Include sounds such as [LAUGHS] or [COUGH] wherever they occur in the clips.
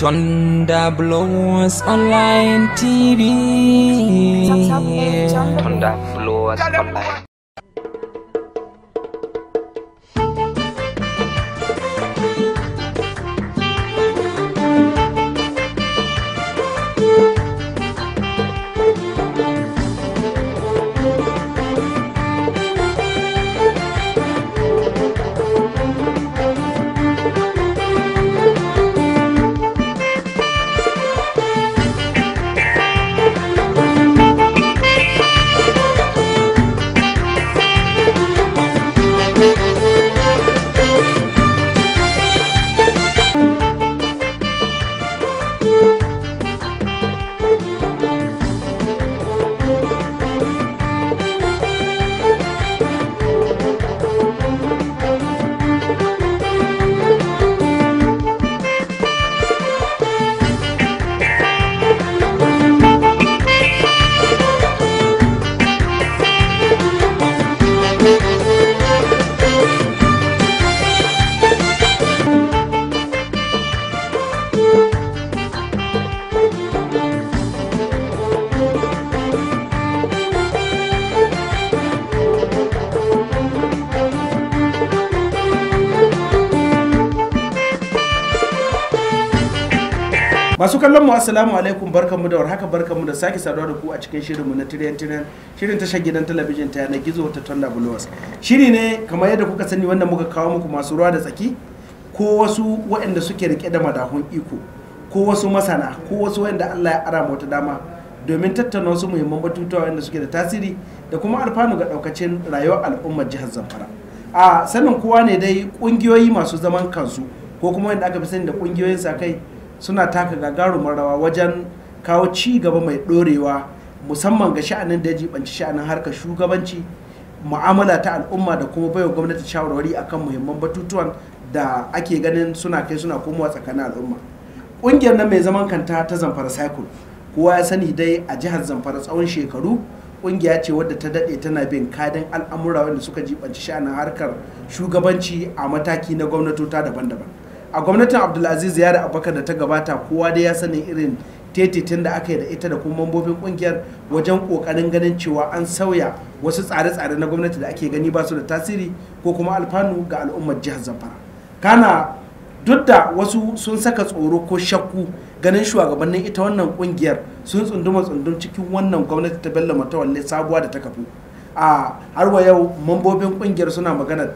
Thunder Blowers Online TV. Thunder Blowers Online. assalamu alaikum barkanmu da warhaka barkanmu da sake saduwa da ku a cikin shirinmu na tiriyan tiriyan shirin tashar gidan talabijin ta yanar gizo ta tonda bulowas shiri ne kamar yadda kuka sani wanda muka kawo muku masu ruwa da tsaki ko wasu waɗanda suke rike da madahun iko ko wasu masana ko wasu waɗanda allah ya ara wata dama domin tattauna wasu muhimman batutuwa waɗanda suke da tasiri da kuma alfanu ga ɗaukacin rayuwar al'ummar jihar zamfara a sanin kowa ne dai ƙungiyoyi masu zaman kansu ko kuma wanda aka fi sani da kungiyoyin sa kai suna taka gagarumar rawa wajen kawo ci gaba mai ɗorewa musamman ga sha'anin da ya jibanci sha'anin harkar shugabanci mu'amala ta al'umma da kuma baiwa gwamnati shawarwari akan muhimman batutuwan da ake ganin suna kai suna komowa tsakanin al'umma ƙungiyar nan mai zaman kanta ta zamfara cycle kowa ya sani dai a jihar zamfara tsawon shekaru ƙungiya ce wadda ta daɗe tana bin kadin al'amura wanda suka jibanci sha'anin harkar shugabanci a mataki na gwamnatota daban-daban a gwamnatin abdulaziz yara abubakar da ta gabata kowa da ya sani irin tetetin da aka yi da ita da kuma mambobin kungiyar wajen kokarin ganin cewa an sauya wasu tsare-tsare na gwamnati da ake gani ba su da tasiri ko kuma alfanu ga al'ummar jihar zamfara kana duk da wasu sun saka tsoro ko shakku ganin shugabannin ita wannan kungiyar sun tsunduma tsundum cikin wannan gwamnati ta bello matawalle sabuwa da ta kafu a harwa yau mambobin kungiyar suna magana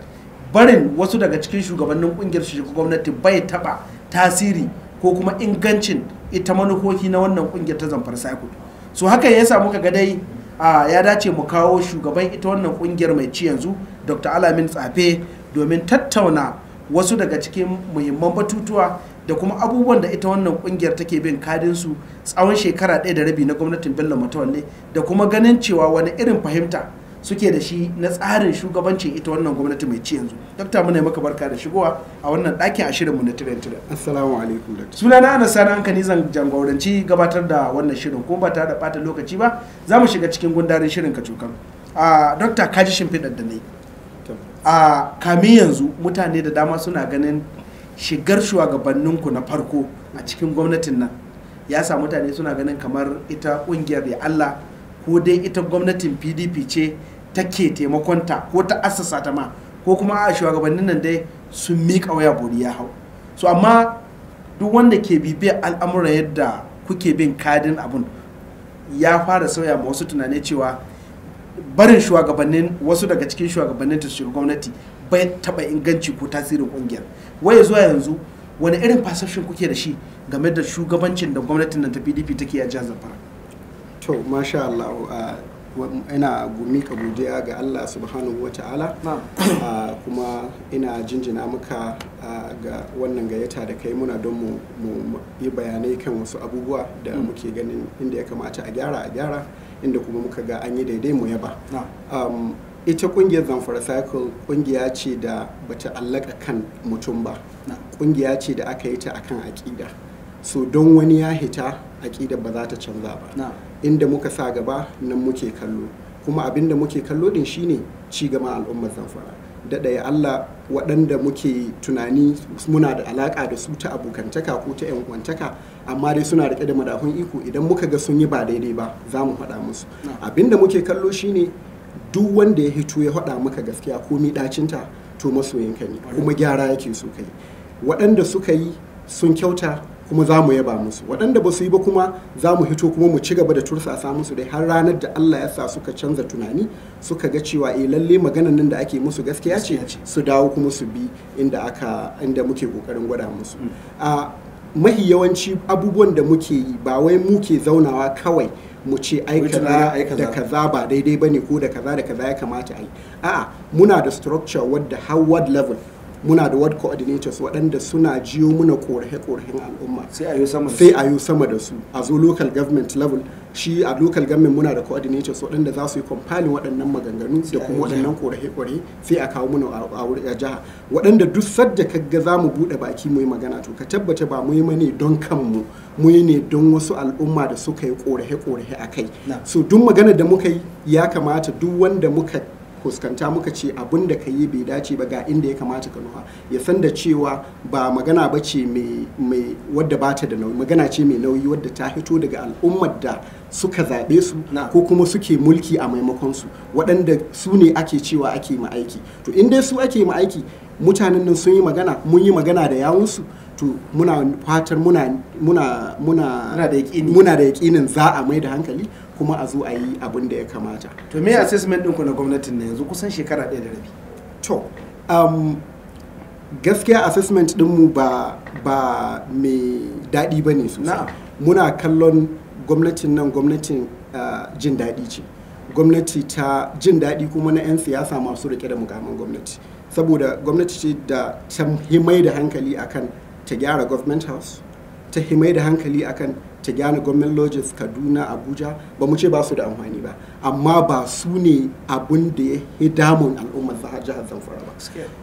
barin wasu daga cikin shugabannin kungiyar su gwamnati bai taba tasiri ko kuma ingancin ita manufofi na wannan kungiyar ta zamfara cycle so haka ya samu ga dai ya dace mu kawo shugaban ita wannan kungiyar mai ci yanzu dr alamin tsafe domin tattauna wasu daga cikin muhimman batutuwa da kuma abubuwan da ita wannan kungiyar take bin kadin su tsawon shekara ɗaya da rabi na gwamnatin bello ne da kuma ganin cewa wani irin fahimta suke da shi na tsarin shugabancin ita wannan gwamnati mai ci yanzu dokta muna maka barka da shigowa a wannan ɗakin ashirin mu na tiran tiran assalamu alaikum dokta sunana ana sana an kani zan jagoranci gabatar da wannan shirin ko ba tare da ɓata lokaci ba za mu shiga cikin gundarin shirin ka cokan dokta kaji shimfiɗar da ne a kamin yanzu mutane da dama suna ganin shigar shugabanninku na farko a cikin gwamnatin nan ya sa mutane suna ganin kamar ita kungiyar ya Allah ko dai ita gwamnatin pdp ce take taimakonta ko ta assasa ta ma ko kuma a shugabannin nan dai sun miƙa waya bori ya hau so amma duk wanda ke bibiya al'amura yadda kuke bin kadin abun ya fara sauya ma wasu tunanin cewa barin shugabannin wasu daga cikin shugabannin ta shiga gwamnati bai taba inganci ko tasirin kungiyar waye zuwa yanzu wani irin fasashin kuke da shi game da shugabancin da gwamnatin nan ta pdp take a jihar zafara to masha allah ah, ina gumi ka godiya ga Allah subhanahu wa ta'ala kuma ina jinjina muka ga wannan gayyata da kai muna don mu yi bayanai kan wasu abubuwa da mm. muke ganin inda ya kamata a gyara a gyara inda kuma muka ga an yi daidai mu yaba ita kungiyar zamfara cycle kungiya ce da bata allaka kan mutum ba kungiya ce da aka yi ta akan aƙida so don wani ya hita aƙidar ba za ta canza ba inda muka sa gaba nan muke kallo kuma abin da muke kallo din shine ci gaban al'ummar zamfara da ɗaya Allah waɗanda muke tunani muna da alaƙa da su ta abokantaka ko ta 'yan yankwantaka amma dai suna riƙe da madafun iko idan muka ga sun yi ba daidai ba za mu faɗa musu abin da muke kallo shine duk wanda ya hito ya faɗa maka gaskiya ko ɗacinta to masoyinka ne kuma gyara yake so kai waɗanda suka yi sun kyauta kuma za mu yaba musu waɗanda ba su yi ba kuma za mu hito kuma mu ci gaba da tursasa musu dai har ranar da Allah ya sa suka canza tunani suka ga cewa eh lalle maganan nan da ake musu gaskiya ce su dawo kuma su bi inda aka inda muke kokarin gwada musu mm. a mahi yawanci abubuwan da muke yi ba wai muke zaunawa kawai mu ce ai kaza da kaza ba daidai bane ko da kaza da kaza ya kamata a yi a'a muna da structure wadda howard level muna da ward coordinators waɗanda suna jiyo muna korafe-korafen al'umma sai a yi sama da su a zo local government level shi a local government muna da coordinators waɗanda za su yi compilin waɗannan maganganu da kuma waɗannan korahe kore sai a kawo muna a jiha waɗanda duk sadda kaga za mu buɗe baki mu yi magana to ka tabbata ba mu yi mane don kanmu mu yi ne don wasu al'umma da suka yi korahe korahe a kai so duk magana da muka yi ya kamata duk wanda muka fuskanta muka ce abin da ka yi bai dace ba ga inda ya kamata ka nuha ya san da cewa ba magana ba ce mai wadda ba ta da nauyi magana ce mai nauyi wadda ta fito daga al'ummar da suka zaɓe su ko kuma suke mulki a maimakon su waɗanda su ne ake cewa ake ma aiki to in dai su ake ma aiki mutanen nan sun yi magana mun yi magana da su to muna fatar muna muna muna da yaƙinin za a mai da hankali kuma a zo a yi abin da ya kamata to me assessment ɗinku na gwamnatin na yanzu kusan shekara ɗaya da rabi to um, gaskiya assessment ɗinmu ba ba mai daɗi ba ne sosai muna kallon gwamnatin nan gwamnatin uh, jin daɗi ce gwamnati ta jin daɗi kuma na 'yan siyasa masu rike da mukamin gwamnati saboda gwamnati ce da ta himai da hankali akan ta gyara government house ta himai da hankali akan ta gyana gwamnan lodges kaduna abuja ba mu ce ba su da amfani ba amma ba su ne abun da ya yi damun al'ummar jihar zamfara ba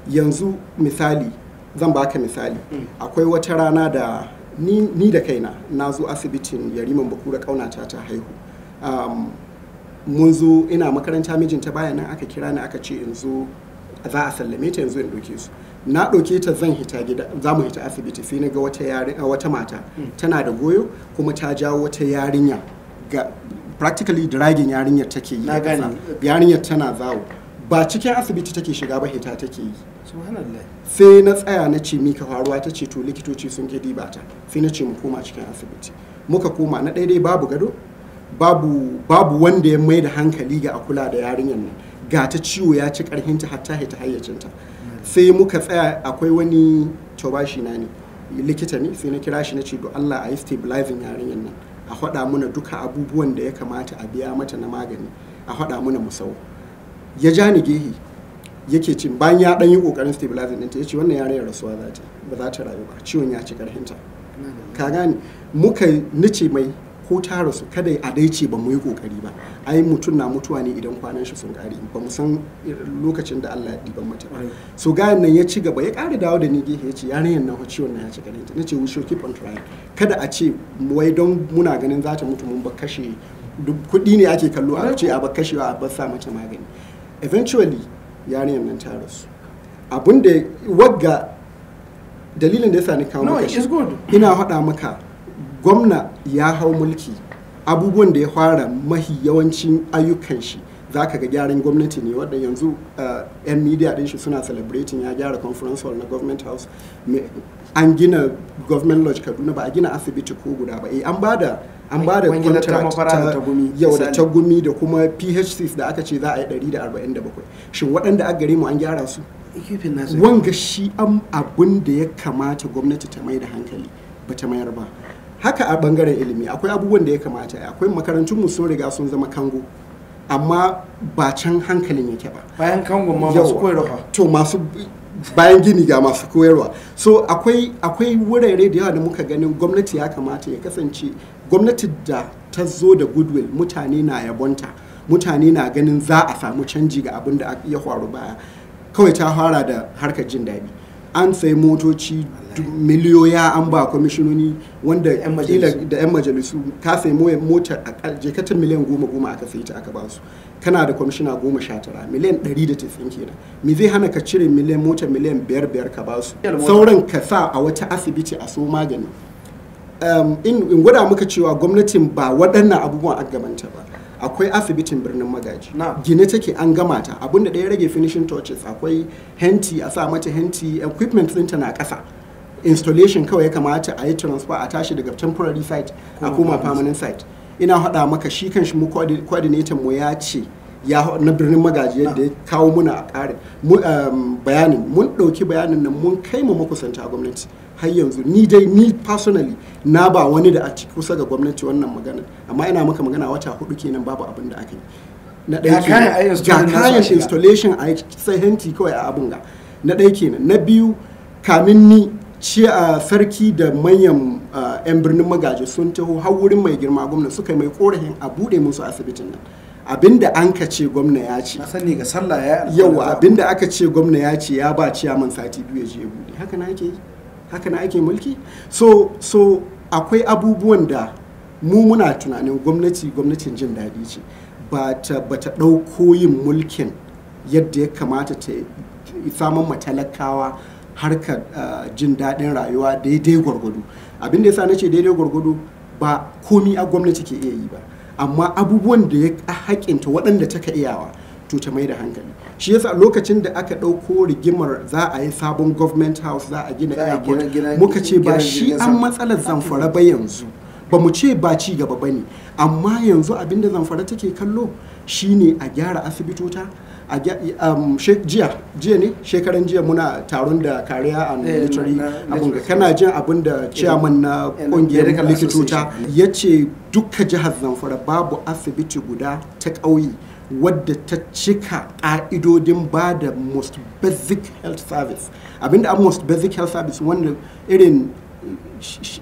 yanzu misali zan baka misali mm. akwai wata rana da ni, da kaina na zo asibitin yariman bakura kaunata ta haihu mun zo ina makaranta mijinta bayanan nan aka kira ni aka ce in zo za a sallame ta yanzu in ɗauke su na ɗauke ta zan hita gida za mu hita asibiti sai na ga wata yari eh, wata mata hmm. tana da goyo kuma ta jawo wata yarinya ga practically dragging yarinyar take yi yarinyar tana zawo ba cikin asibiti take shiga ba hita take yi sai na tsaya na ce mika faruwa ta ce to likitoci sun ke diba ta sai na ce mu koma cikin asibiti muka koma na daidai babu gado babu babu wanda ya mai da hankali ga a kula da yarinyar nan ga ta ciwo ya ci karhinta hatta hita hayyacinta sai muka tsaya akwai wani tobashi na ne likita ne sai na kira shi na ce do Allah a yi stabilizing yarinyar nan a haɗa muna duka abubuwan da ya kamata a biya mata na magani a haɗa muna musau ya ja ni gehe yake cin bayan ya ɗan yi ƙoƙarin stabilizing ɗinta ya ce wannan yarinyar rasuwa za ta ba za ta rayu ba ciwon ya ci ƙarfinta ka gane muka nice mai ko ta rasu kada a dai ce ba mu yi kokari ba ai mutum na mutuwa ne idan kwanan shi sun kare ba mu san lokacin da Allah ya diban mata so gayan nan ya ci gaba ya ƙara dawo da ni gefe ya ce yan nan ciwon nan ya ci ganin ta nace we should keep on trying kada a ce wai don muna ganin za ta mutu mun ba kashe kuɗi ne ake kallo a ce a ba kashewa a ba sa mata magani eventually yan nan ta rasu abun da wagga dalilin da ya sa ni kawo maka ina faɗa maka gwamna ya hau mulki abubuwan da ya fara mahi yawancin ayyukan shi za ka ga gyaran gwamnati ne wadda yanzu eh, yan media din shi suna celebrating ya gyara conference hall na government house an gina government lodge kaduna ba a gina asibiti ko guda ba an eh, bada an ba da ta yau da ta gumi da kuma PHC da aka ce za a yi 147 shin waɗanda a gare mu an gyara su wanga shi abin da ya kamata gwamnati ta mai da hankali ba ta mayar ba haka a bangaren ilimi akwai abubuwan da ya kamata ya akwai makarantun mu sun riga sun zama kango amma ba can hankalin yake ba bayan kango ma masu koyarwa to masu bayan gini ga masu koyarwa so akwai akwai wurare da yawa da muka ganin gwamnati ya kamata ya kasance gwamnati da ta zo da goodwill mutane na yabonta mutane na ganin za a samu canji ga abin da ya faru baya kawai ta fara da harkar jin daɗi an sai motoci miliyoya an ba kwamishinoni wanda da 'yan majalisu ka sai motar a jekatar miliyan goma goma aka sai ta aka ba su kana da kwamishina goma sha tara miliyan ɗari da tisin kenan me zai hana ka cire miliyan motar miliyan biyar biyar ka ba su sauran ka sa a wata asibiti a so magani in gwada muka cewa gwamnatin ba waɗannan abubuwan agamanta ba akwai asibitin birnin magaji gine take an gama ta abinda da ya rage finishing touches akwai henti a sa mata henti equipment ɗin na kasa installation kawai ya kamata a yi transfer a tashi daga temporary site a koma permanent site ina haɗa maka shi kan shi mu coordinator mu ya ce ya na birnin magaji yadda ya kawo muna a ƙarin um, bayanin mun ɗauki bayanin nan mun kai mu makusanta gwamnati har yanzu ni dai ni personally na ba wani da a kusa ga gwamnati wannan magana amma ina maka magana wata hudu kenan babu abin da aka yi na ɗaya ga kayan installation a sai henti kawai a abin ga na ɗaya kenan na biyu kamin ni ci a sarki da manyan 'yan birnin magaji sun taho har wurin mai girma gwamna suka mai korafin a buɗe musu asibitin nan abinda an ka ce gwamna ya ce sani ga sallah ya yawa abinda aka ce gwamna ya ce ya ba ciyaman sati biyu ya je bude haka na ke yi haka na ake mulki so so akwai abubuwan da mu muna tunanin gwamnati gwamnatin jin daɗi ce ba ta ɗauko yin mulkin yadda ya kamata ta samun matalakawa harkar ah, jin daɗin rayuwa daidai gwargwado abin da ya sa na ce daidai gwargwado ba komi a gwamnati ke iya yi ba amma abubuwan da ya haƙinta waɗanda ta ka iyawa to ta mai da hankali shi yasa lokacin da aka ɗauko rigimar za a yi sabon government house za a gina airport muka ce ba shi an matsalar zamfara ba yanzu ba mu ce ba ci gaba ba ne amma yanzu abinda zamfara take kallo shine a gyara asibitota a um, jiya jiya ne shekaran jiya muna taron da kariya eh, a military abunga kana jin abin da eh, chairman na eh, kungiyar likitota ya ce duka jihar zamfara babu asibiti guda ta ƙauye wadda ta cika ƙa'idodin ba da most basic health service abinda a most basic health service wanda irin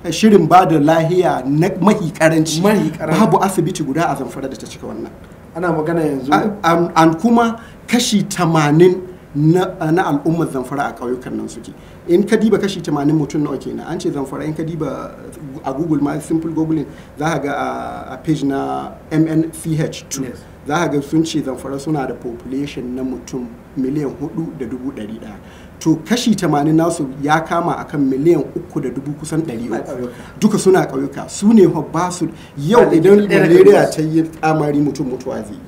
shirin ba da lahiya na mahi karanci babu asibiti guda a zamfara da ta cika wannan ana magana yanzu an kuma kashi tamanin na al'ummar zamfara a ƙauyukan nan suke in ka diba kashi 80 mutum nawa na an ce zamfara in ka diba a google ma simple googling za ka ga a page na mnch 2 za a ga sun ce zamfara suna da population na mutum miliyan hudu da dubu ɗari ɗaya to kashi tamanin nasu ya kama akan miliyan uku da dubu kusan ɗari duka suna ƙauyuka su ne ba su yau idan malaria ta yi kamari mutum mutuwa zai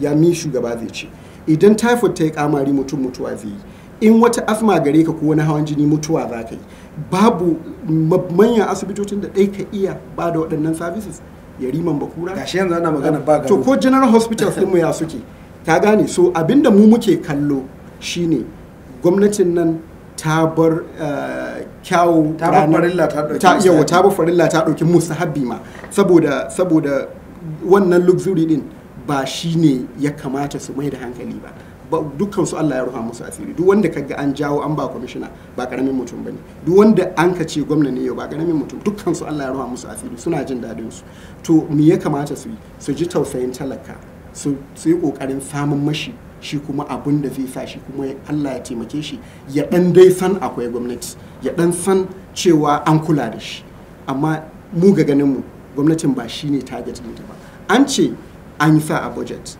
ya mi shugaba zai ce idan typhoid ta yi kamari mutum mutuwa zai yi in wata asma gare ka ko wani hawan jini mutuwa za ka yi babu manyan asibitocin da ɗai ka iya ba da waɗannan services yariman bakura gashi yanzu ana magana ba to ko general hospital din mu ya suke ka gane so abinda mu muke kallo shine gwamnatin nan ta bar eh, kyawu ta bar farilla ta dauki yawa ta ta dauki ma saboda saboda wannan luxury din ba shine ya kamata su mai da hankali ba dukkan su Allah ya ruha musu asiri duk wanda kaga an jawo an ba kwamishina ba karamin mutum bane duk wanda an ka ce gwamna ne yau ba karamin mutum dukkan su Allah ya ruha musu asiri suna jin dadin su to me ya kamata su yi su ji tausayin talaka su yi kokarin samun mashi shi kuma abun da zai sa shi kuma Allah ya taimake shi ya dan dai san akwai gwamnati ya dan san cewa an kula da shi amma mu ga ganin mu gwamnatin ba shine target ɗinta ba an ce an yi sa a budget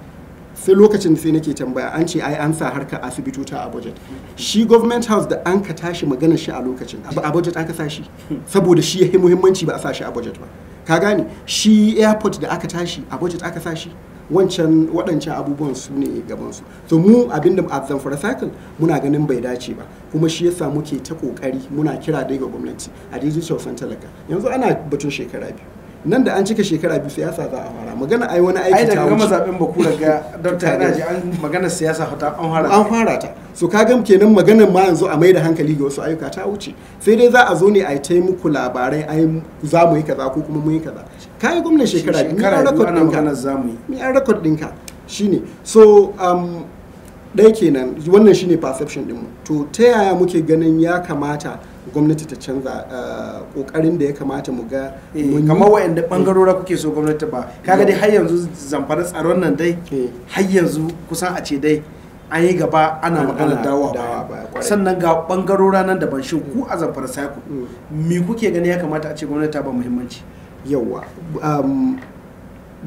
sai lokacin sai nake tambaya an ce ai an sa harka asibitota a budget shi government house da an ka tashi magana shi a lokacin ba a budget aka sa shi saboda shi yayi muhimmanci ba a sa shi a budget ba ka gane shi airport da aka tashi a budget aka sa shi wancan waɗancan abubuwan su ne gaban su. to mu abinda a zamfara cycle muna ganin bai dace ba kuma shi yasa muke ta kokari muna kira dai ga gwamnati a daidai talaka yanzu ana batun shekara biyu nan da an cika shekara biyu siyasa za a fara magana ai wani aiki ta wuce ai daga gama zaben bakura ga [LAUGHS] dr yana an magana siyasa ta an fara an fara ta so ka ga kenan magana ma yanzu a mai da hankali ga wasu ayyuka ta wuce sai dai za a zo ne a yi taimaku muku labarai ai za mu yi kaza ko kuma mun yi kaza ka yi gwamnan shekara biyu ni an record ɗinka ni an record ɗinka shine so um, ɗaya kenan wannan shine perception ɗinmu to ta yaya muke ganin ya kamata gwamnati ta canza kokarin eh, da ya kamata mu ga eh, kamar wa'anda ɓangarora kuke so gwamnati ba kaga dai har yanzu zamfara tsaron nan dai eh. har yanzu kusan a ce dai an yi gaba ana magana dawa ba sannan ga ɓangarora nan daban shi ku a zamfara saiku mm. me kuke gani ya kamata a ce gwamnati ta ba muhimmanci yawa um,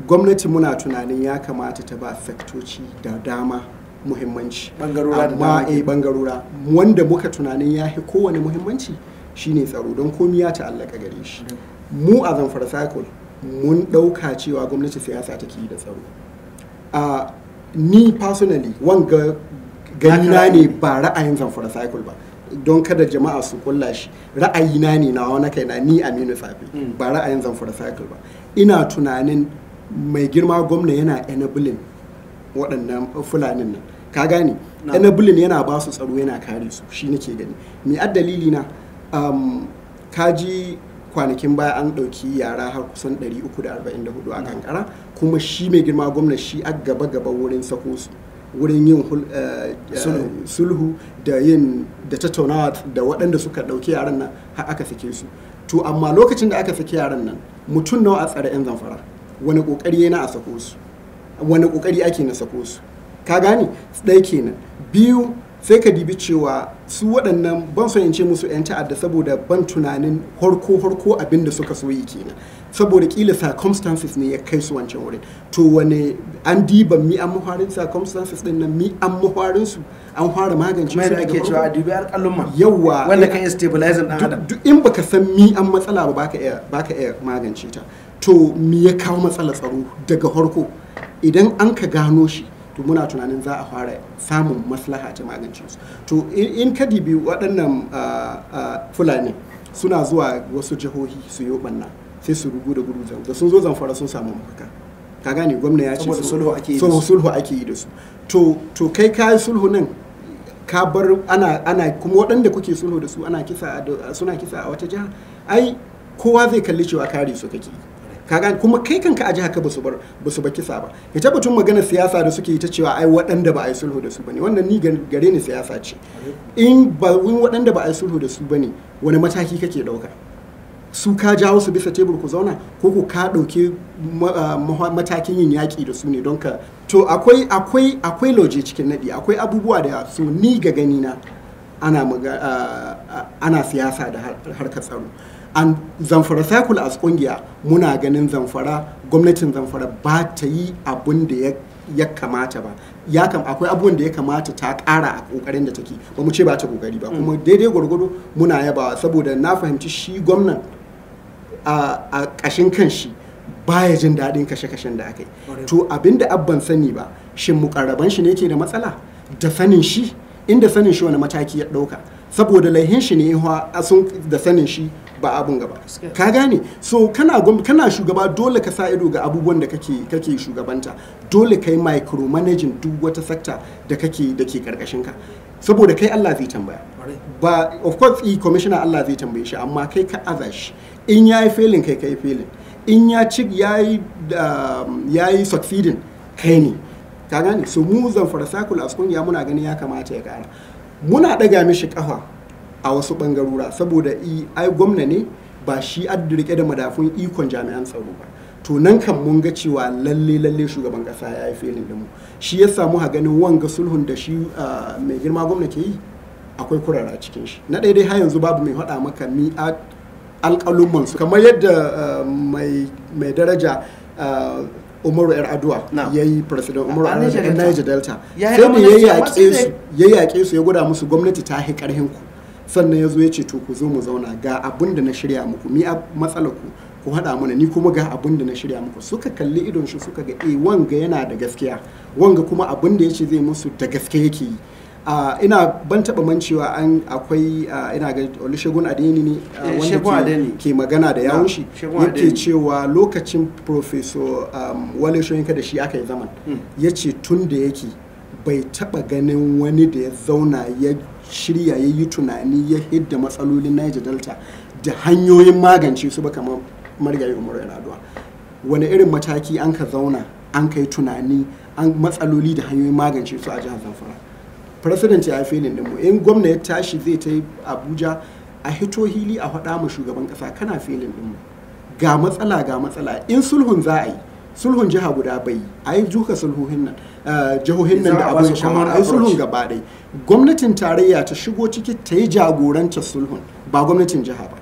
gwamnati muna tunanin ya kamata ta ba faktoci da dama muhimmanci bangarora amma eh bangarora wanda muka tunanin ya fi kowane muhimmanci shine tsaro don komi ya ta'allaka gare shi mu a zamfara cycle mun ɗauka cewa gwamnati siyasa take yi da tsaro a ni personally wanga ganina ne ba ra'ayin zamfara cycle ba don kada jama'a su kulla shi ra'ayina ne na wani kaina ni aminu safi hmm. ba ra'ayin zamfara cycle ba ina tunanin mai girma gwamna yana enabling waɗannan fulanin nan ka gane enabling yana ba su tsaro yana kare su shi nake gani me ad dalili na kaji kwanakin baya an ɗauki yara har kusan 344 a kankara kuma shi mai girma gwamna shi a gaba gaba wurin sako su wurin yin eh, eh, sulhu da yin da tattaunawa da waɗanda suka ɗauki yaran nan har aka sake su to amma lokacin da aka sake yaran nan mutum nawa a tsare 'yan zamfara wani ƙoƙari yana a sako su wani kokari ake na sako su ka gane ɗaya kenan biyu sai ka dibi cewa su waɗannan ban so in ce musu 'yan ta'adda saboda ban tunanin harko harko abin da suka so yi kenan saboda kila circumstances ne ya kai su wancan wurin to wani an diba mi an mafarin circumstances din nan mi an mafarin su an fara magance su daga cewa dubi alƙalumma yawa wanda eh, kan stabilizer dan adam duk in baka san mi an matsala ba baka iya baka iya magance ta to me ya kawo matsala tsaro daga harko. idan an ka gano shi to muna tunanin za a fara samun maslaha ta magance su to in ka dibi waɗannan fulani suna zuwa wasu jihohi su yi ɓanna sai su rugu da gudu da sun zo zanfara sun samu mafaka ka gane gwamna ya ce sulhu ake yi da su to kai ka yi sulhu nan ka bar ana kuma waɗanda kuke sulhu da su suna kisa a wata jiha ai kowa zai kalli cewa kare su kake yi Ka kaga kuma kai kanka a jihar ka basu bar basu baki ba ita batun magana siyasa da suke ita cewa ai waɗanda ba a yi sulhu da su bane wannan ni gare ni siyasa ce in ba waɗanda ba a sulhu da su bane wani mataki kake ɗauka su ka jawo su bisa tebur ku zauna ko ku ka ɗauki matakin yin yaƙi da su ne don ka to akwai akwai akwai lauje cikin naɗi akwai abubuwa da su ni ga gani na ana siyasa da harkar tsaro an zamfara cycle as kungiya muna ganin zamfara gwamnatin zamfara ba ta yi abun da ya kamata ba ya kam akwai abubuwan da ya kamata ta kara a kokarin da take ba mu ce ba ta kokari ba kuma mm. daidai gwargwado muna yabawa saboda na fahimci shi gwamnan a kashin kan shi baya jin daɗin kashe-kashen da aka yi to abinda abban sani ba shin mukarraban shi ne ke da matsala da sanin shi inda sanin shi wani mataki ya ɗauka saboda laihin shi ne da sanin shi ba abun gaba ka gane so kana kana shugaba dole ka sa ido ga abubuwan da kake kake shugabanta dole kai micro managing duk wata sector da kake da ke karkashin ka saboda kai Allah zai tambaya ba of course e commissioner Allah zai tambaye shi amma kai ka azashi in yayi failing kai kai failing in ya ci yayi um, yayi succeeding kai ne ka gane so mu zan circle a ya muna gani ya kamata ya kara muna daga mishi kafa a wasu bangarura saboda ai gwamna ne ba shi addirike da madafun ikon jami'an tsaro ba to nan kan mun ga cewa lalle lalle shugaban kasa ya yi felin da mu shi ya samu a ganin wanga sulhun da shi mai girma gwamna ke yi akwai kurara cikin shi na daidai har yanzu babu mai haɗa maka mi alƙalumman su kamar yadda mai daraja umaru yar aduwa ya yi president umaru yar delta sai da ya yaƙe su ya gwada musu gwamnati ta hi ƙarhin ku sannan ya zo ya ce to ku zo mu zauna ga abin da na shirya muku ni a matsala ku ku haɗa mana ni kuma ga abin da na shirya muku suka kalli idon shi suka ga eh wanga yana da gaskiya wanga kuma abin da ya ce zai musu da gaske yake yi Uh, ina ban taba mancewa an akwai ina ga olushegun Adeni ne uh, wanda ke magana da yawun shi yake cewa lokacin professor um, Wale Shoyinka da shi aka yi zaman mm. ce tun da yake bai taba ganin wani da ya zauna ya shirya ya yi tunani ya hidda matsalolin niger delta da hanyoyin magance su ba kamar marigayi umaru raduwa wani irin mataki an ka zauna an kai tunani an matsaloli da hanyoyin magance su a jihar zamfara president ya filin dinmu in gwamna ya tashi zai ta abuja a hito hili a faɗa mu shugaban ƙasa kana filin dinmu ga matsala ga matsala in sulhun za a yi sulhun jiha guda bai a yi duka sulhuhin nan eh, jihohin nan da abin a yi sulhun gaba ɗaya gwamnatin tarayya ta shigo ciki ta yi jagorancin sulhun ba gwamnatin jiha ba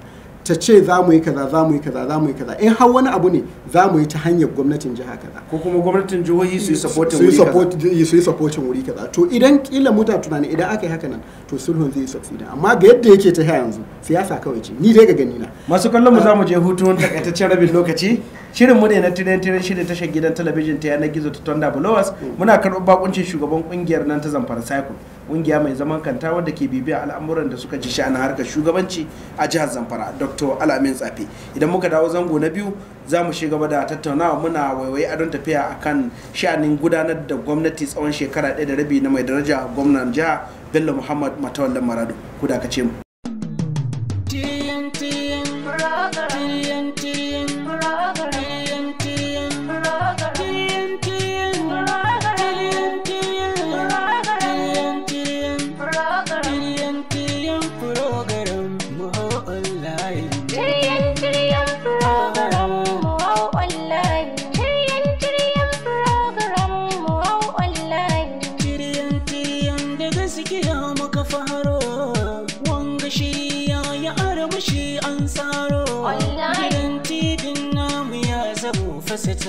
ta ce za mu yi kaza za mu yi kaza za mu yi kaza in har wani abu ne za mu yi ta hanyar gwamnatin jiha kaza ko kuma gwamnatin jihohi su yi supportin wuri kaza su yi supportin wuri kaza to idan kila muta tunani idan aka yi haka nan to sulhun zai succeed amma ga yadda yake ta yanzu siyasa kawai ce ni dai ga gani na masu kallon mu za mu je hutun takaitaccen rabin lokaci shirin mu ne na tiren tiren shirin tashar gidan talabijin ta yanar gizo ta Tonda Blowers mm. muna karɓar bakuncin shugaban kungiyar nan ta Zamfara Cycle kungiya mai zaman kanta wadda ke bibiya al'amuran da suka ji sha'anin harkar shugabanci a jihar zamfara dr alamin tsafe idan muka dawo zango na biyu za mu shiga da tattaunawa muna waiwai adon tafiya akan sha'anin gudanar da gwamnati tsawon shekara ɗaya da rabi na mai daraja gwamnan jiha bello muhammad matawallan maradu ku ce mu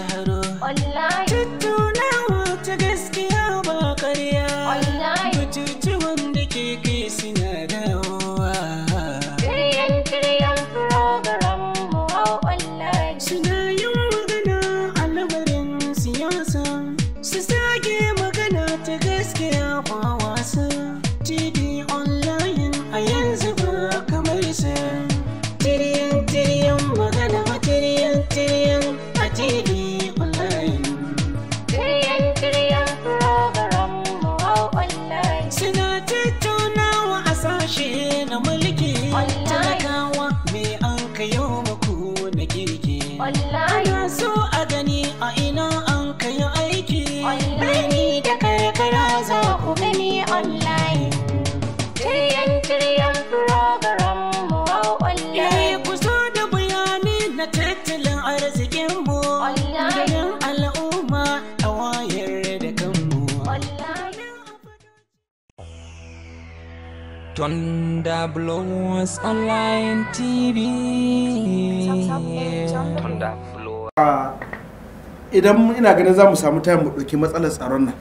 shadow Thunder Blows Online TV. Ah, idan ina ganin za mu samu time mu ɗauki matsalar tsaron nan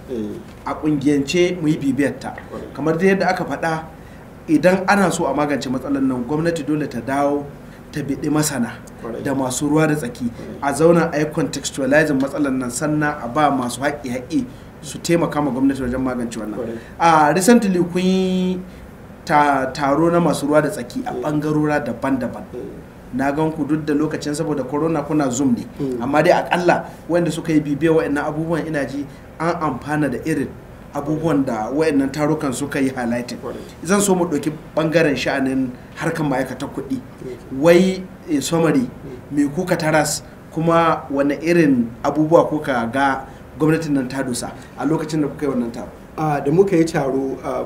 a ƙungiyance mu yi bibiyar ta. Kamar dai yadda aka faɗa idan ana so a magance matsalar nan gwamnati dole ta dawo ta biɗi masana da masu ruwa da tsaki a zauna a yi contextualizing matsalar nan sannan a ba masu haƙi-haƙi su taimaka ma gwamnati wajen magance wannan. A ah, recently kun yi taro na masu ruwa da tsaki a bangarora daban-daban na gan ku duk da lokacin saboda corona kuna zoom ne mm. amma dai akalla wanda suka yi bibiya wa'annan abubuwan ina ji an amfana da irin abubuwan da wayannan tarukan suka yi highlighting zan so mu ɗauki ɓangaren sha'anin harkar ma'aikatar kuɗi mm. wai in eh, summary mm. me kuka taras kuma wani irin abubuwa kuka ga gwamnatin nan ta dusa a lokacin da kuka yi wannan taro ah, da muka yi taro ah,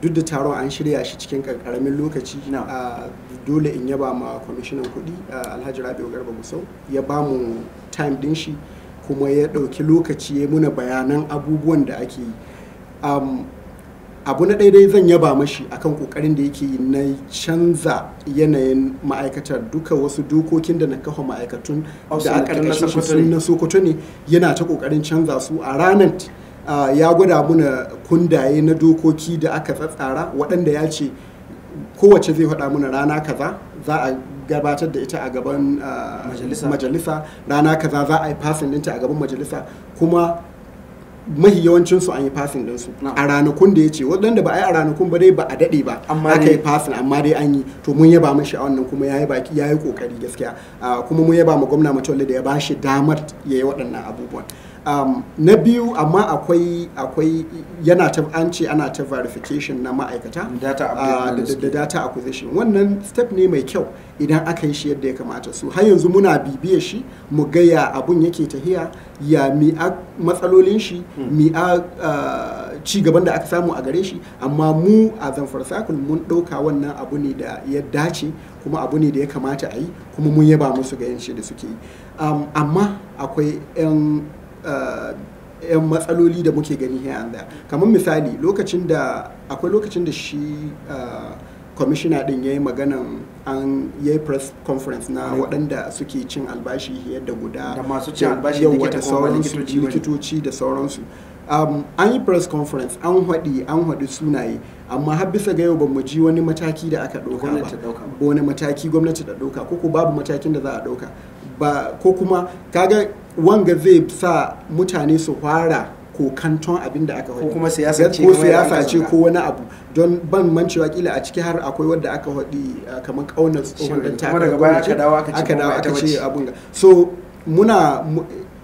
duk da taron an shirya shi cikin karamin lokaci ah, dole in yaba ma kwamishinan kuɗi ah, alhaji rabiu garba musau ya ba mu time din shi kuma ya ɗauki lokaci ya muna bayanan abubuwan da ake yi abu na daidai zan yaba mashi akan kokarin da yake yi na canza yanayin ma'aikatar duka wasu dokokin da na kafa ma'aikatun da aka ƙarƙashin na sokoto ne yana ta kokarin canza su a ranar ya gwada muna kundaye na dokoki da aka tsatsara waɗanda ya ce kowace zai faɗa muna rana kaza za a gabatar da ita a gaban majalisa rana kaza za a yi fasin dinta a gaban majalisa kuma mahi yawancinsu su an yi fasin din su a ranakun da ya ce waɗanda ba a yi a ranakun ba dai ba a daɗe ba aka yi fasin amma dai an yi to mun yaba mun a wannan kuma ya yi baki ya yi ƙoƙari gaskiya kuma mun yaba ma gwamna mutum da ya ba shi damar ya yi waɗannan abubuwan um, na biyu amma akwai akwai yana ta an ce ana ta verification na ma'aikata da data uh, acquisition wannan step ne mai kyau idan aka yi shi yadda ya kamata su har yanzu muna bibiyar shi mu ga abun yake tahiya ya mi a matsalolin shi hmm. mi a uh, ci gaban da aka samu a gare shi amma mu a zamfar sakul mun ɗauka wannan abu ne da ya dace kuma abu ne da ya kamata a yi kuma mun yaba musu ga yanci da suke yi um, amma akwai 'yan Eh, yan matsaloli da muke gani here and there kamar misali lokacin da akwai lokacin da shi kwamishina eh, din ya yi maganan an ya yi press conference na waɗanda suke cin albashi yadda guda da masu cin albashi da sauransu likitoci da sauransu um, an yi press conference an haɗi an haɗi sunaye amma har bisa ga yau ba mu ji wani mataki da aka ɗauka ba wani mataki gwamnati da ɗauka ko ko babu matakin da za a ɗauka ba ko kuma kaga wanga zai sa mutane su fara kokanton abin da aka ko kuma ko siyasa ce ko wani abu don ban mancewa kila a ciki har akwai wanda aka hudu kamar kaunar tsohon don aka dawo aka ce abun so muna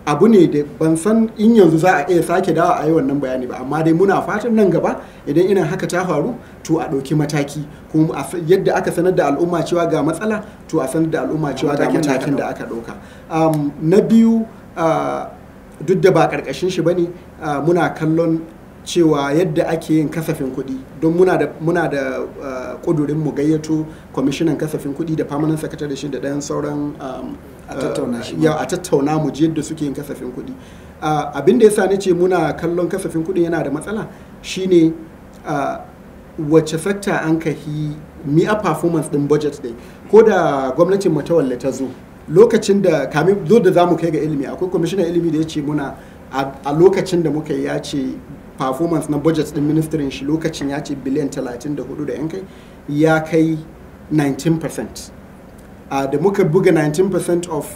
abu ne da ban san in yanzu za a iya sake dawa a yi wannan bayani ba amma dai muna fatan nan gaba idan irin haka ta faru to a ɗauki mataki kuma yadda aka sanar da al'umma cewa ga matsala to a sanar da al'umma cewa ga matakin da aka ɗauka na biyu duk da ba karkashin shi bane muna kallon cewa yadda ake yin kasafin kuɗi don muna da muna ƙudurin mu gayyato kwamishinan kasafin kuɗi da permanent secretary shi da ɗayan sauran a tattauna mu ji yadda suke yin kasafin kuɗi abin da yasa ce muna kallon kasafin kuɗi yana da matsala shine wacce sakta an kahi a performance din budget dai ko da gwamnatin matawalla ta zo lokacin da kamin zo da za mu kai ga ilimi akwai kwamishinan ilimi da ya ce muna a lokacin da muka ya ce performance na budget din ministerin shi lokacin ya ce biliyan 34 da yan kai ya kai 19% A da muka buga 19% of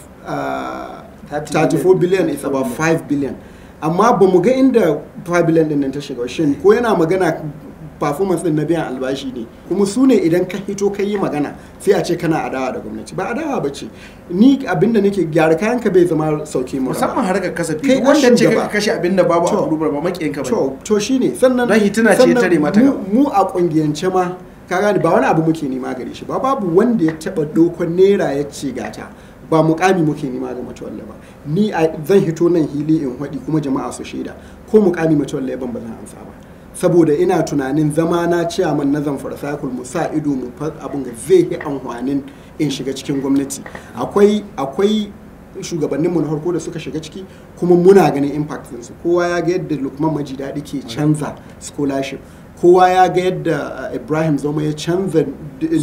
34 billion is about 5 billion amma ba mu ga inda 5 billion din nan ta shiga shin ko yana magana performance din na biyan albashi ne kuma su ne idan ka hito ka yi magana sai a ce kana adawa da gwamnati ba adawa ba ce ni abinda nake gyara kayan ka bai zama sauke mu musamman harkar kasafi kai wanda ce ka kashe abinda babu a rubar ba makiyin ka to to shine sannan dan hituna ce tare mata mu a kungiyance ma ka gane ba wani abu muke nema gare shi ba babu wanda ya taba dokon naira ya ce gata ba mukami muke nema ga mace ba ni zan hito nan hili in hwaɗi kuma jama'a su shaida ko mukami mace wallahi ban ba zan amsa ba saboda ina tunanin zama na ciyaman na zamfara cycle mu sa ido mu abin ga zai yi amfanin in shiga cikin gwamnati akwai akwai shugabannin mu na harko da suka shiga ciki kuma muna ganin impact su kowa ya ga yadda lukman maji daɗi ke canza scholarship kowa ya ga yadda uh, ibrahim Zoma ya canza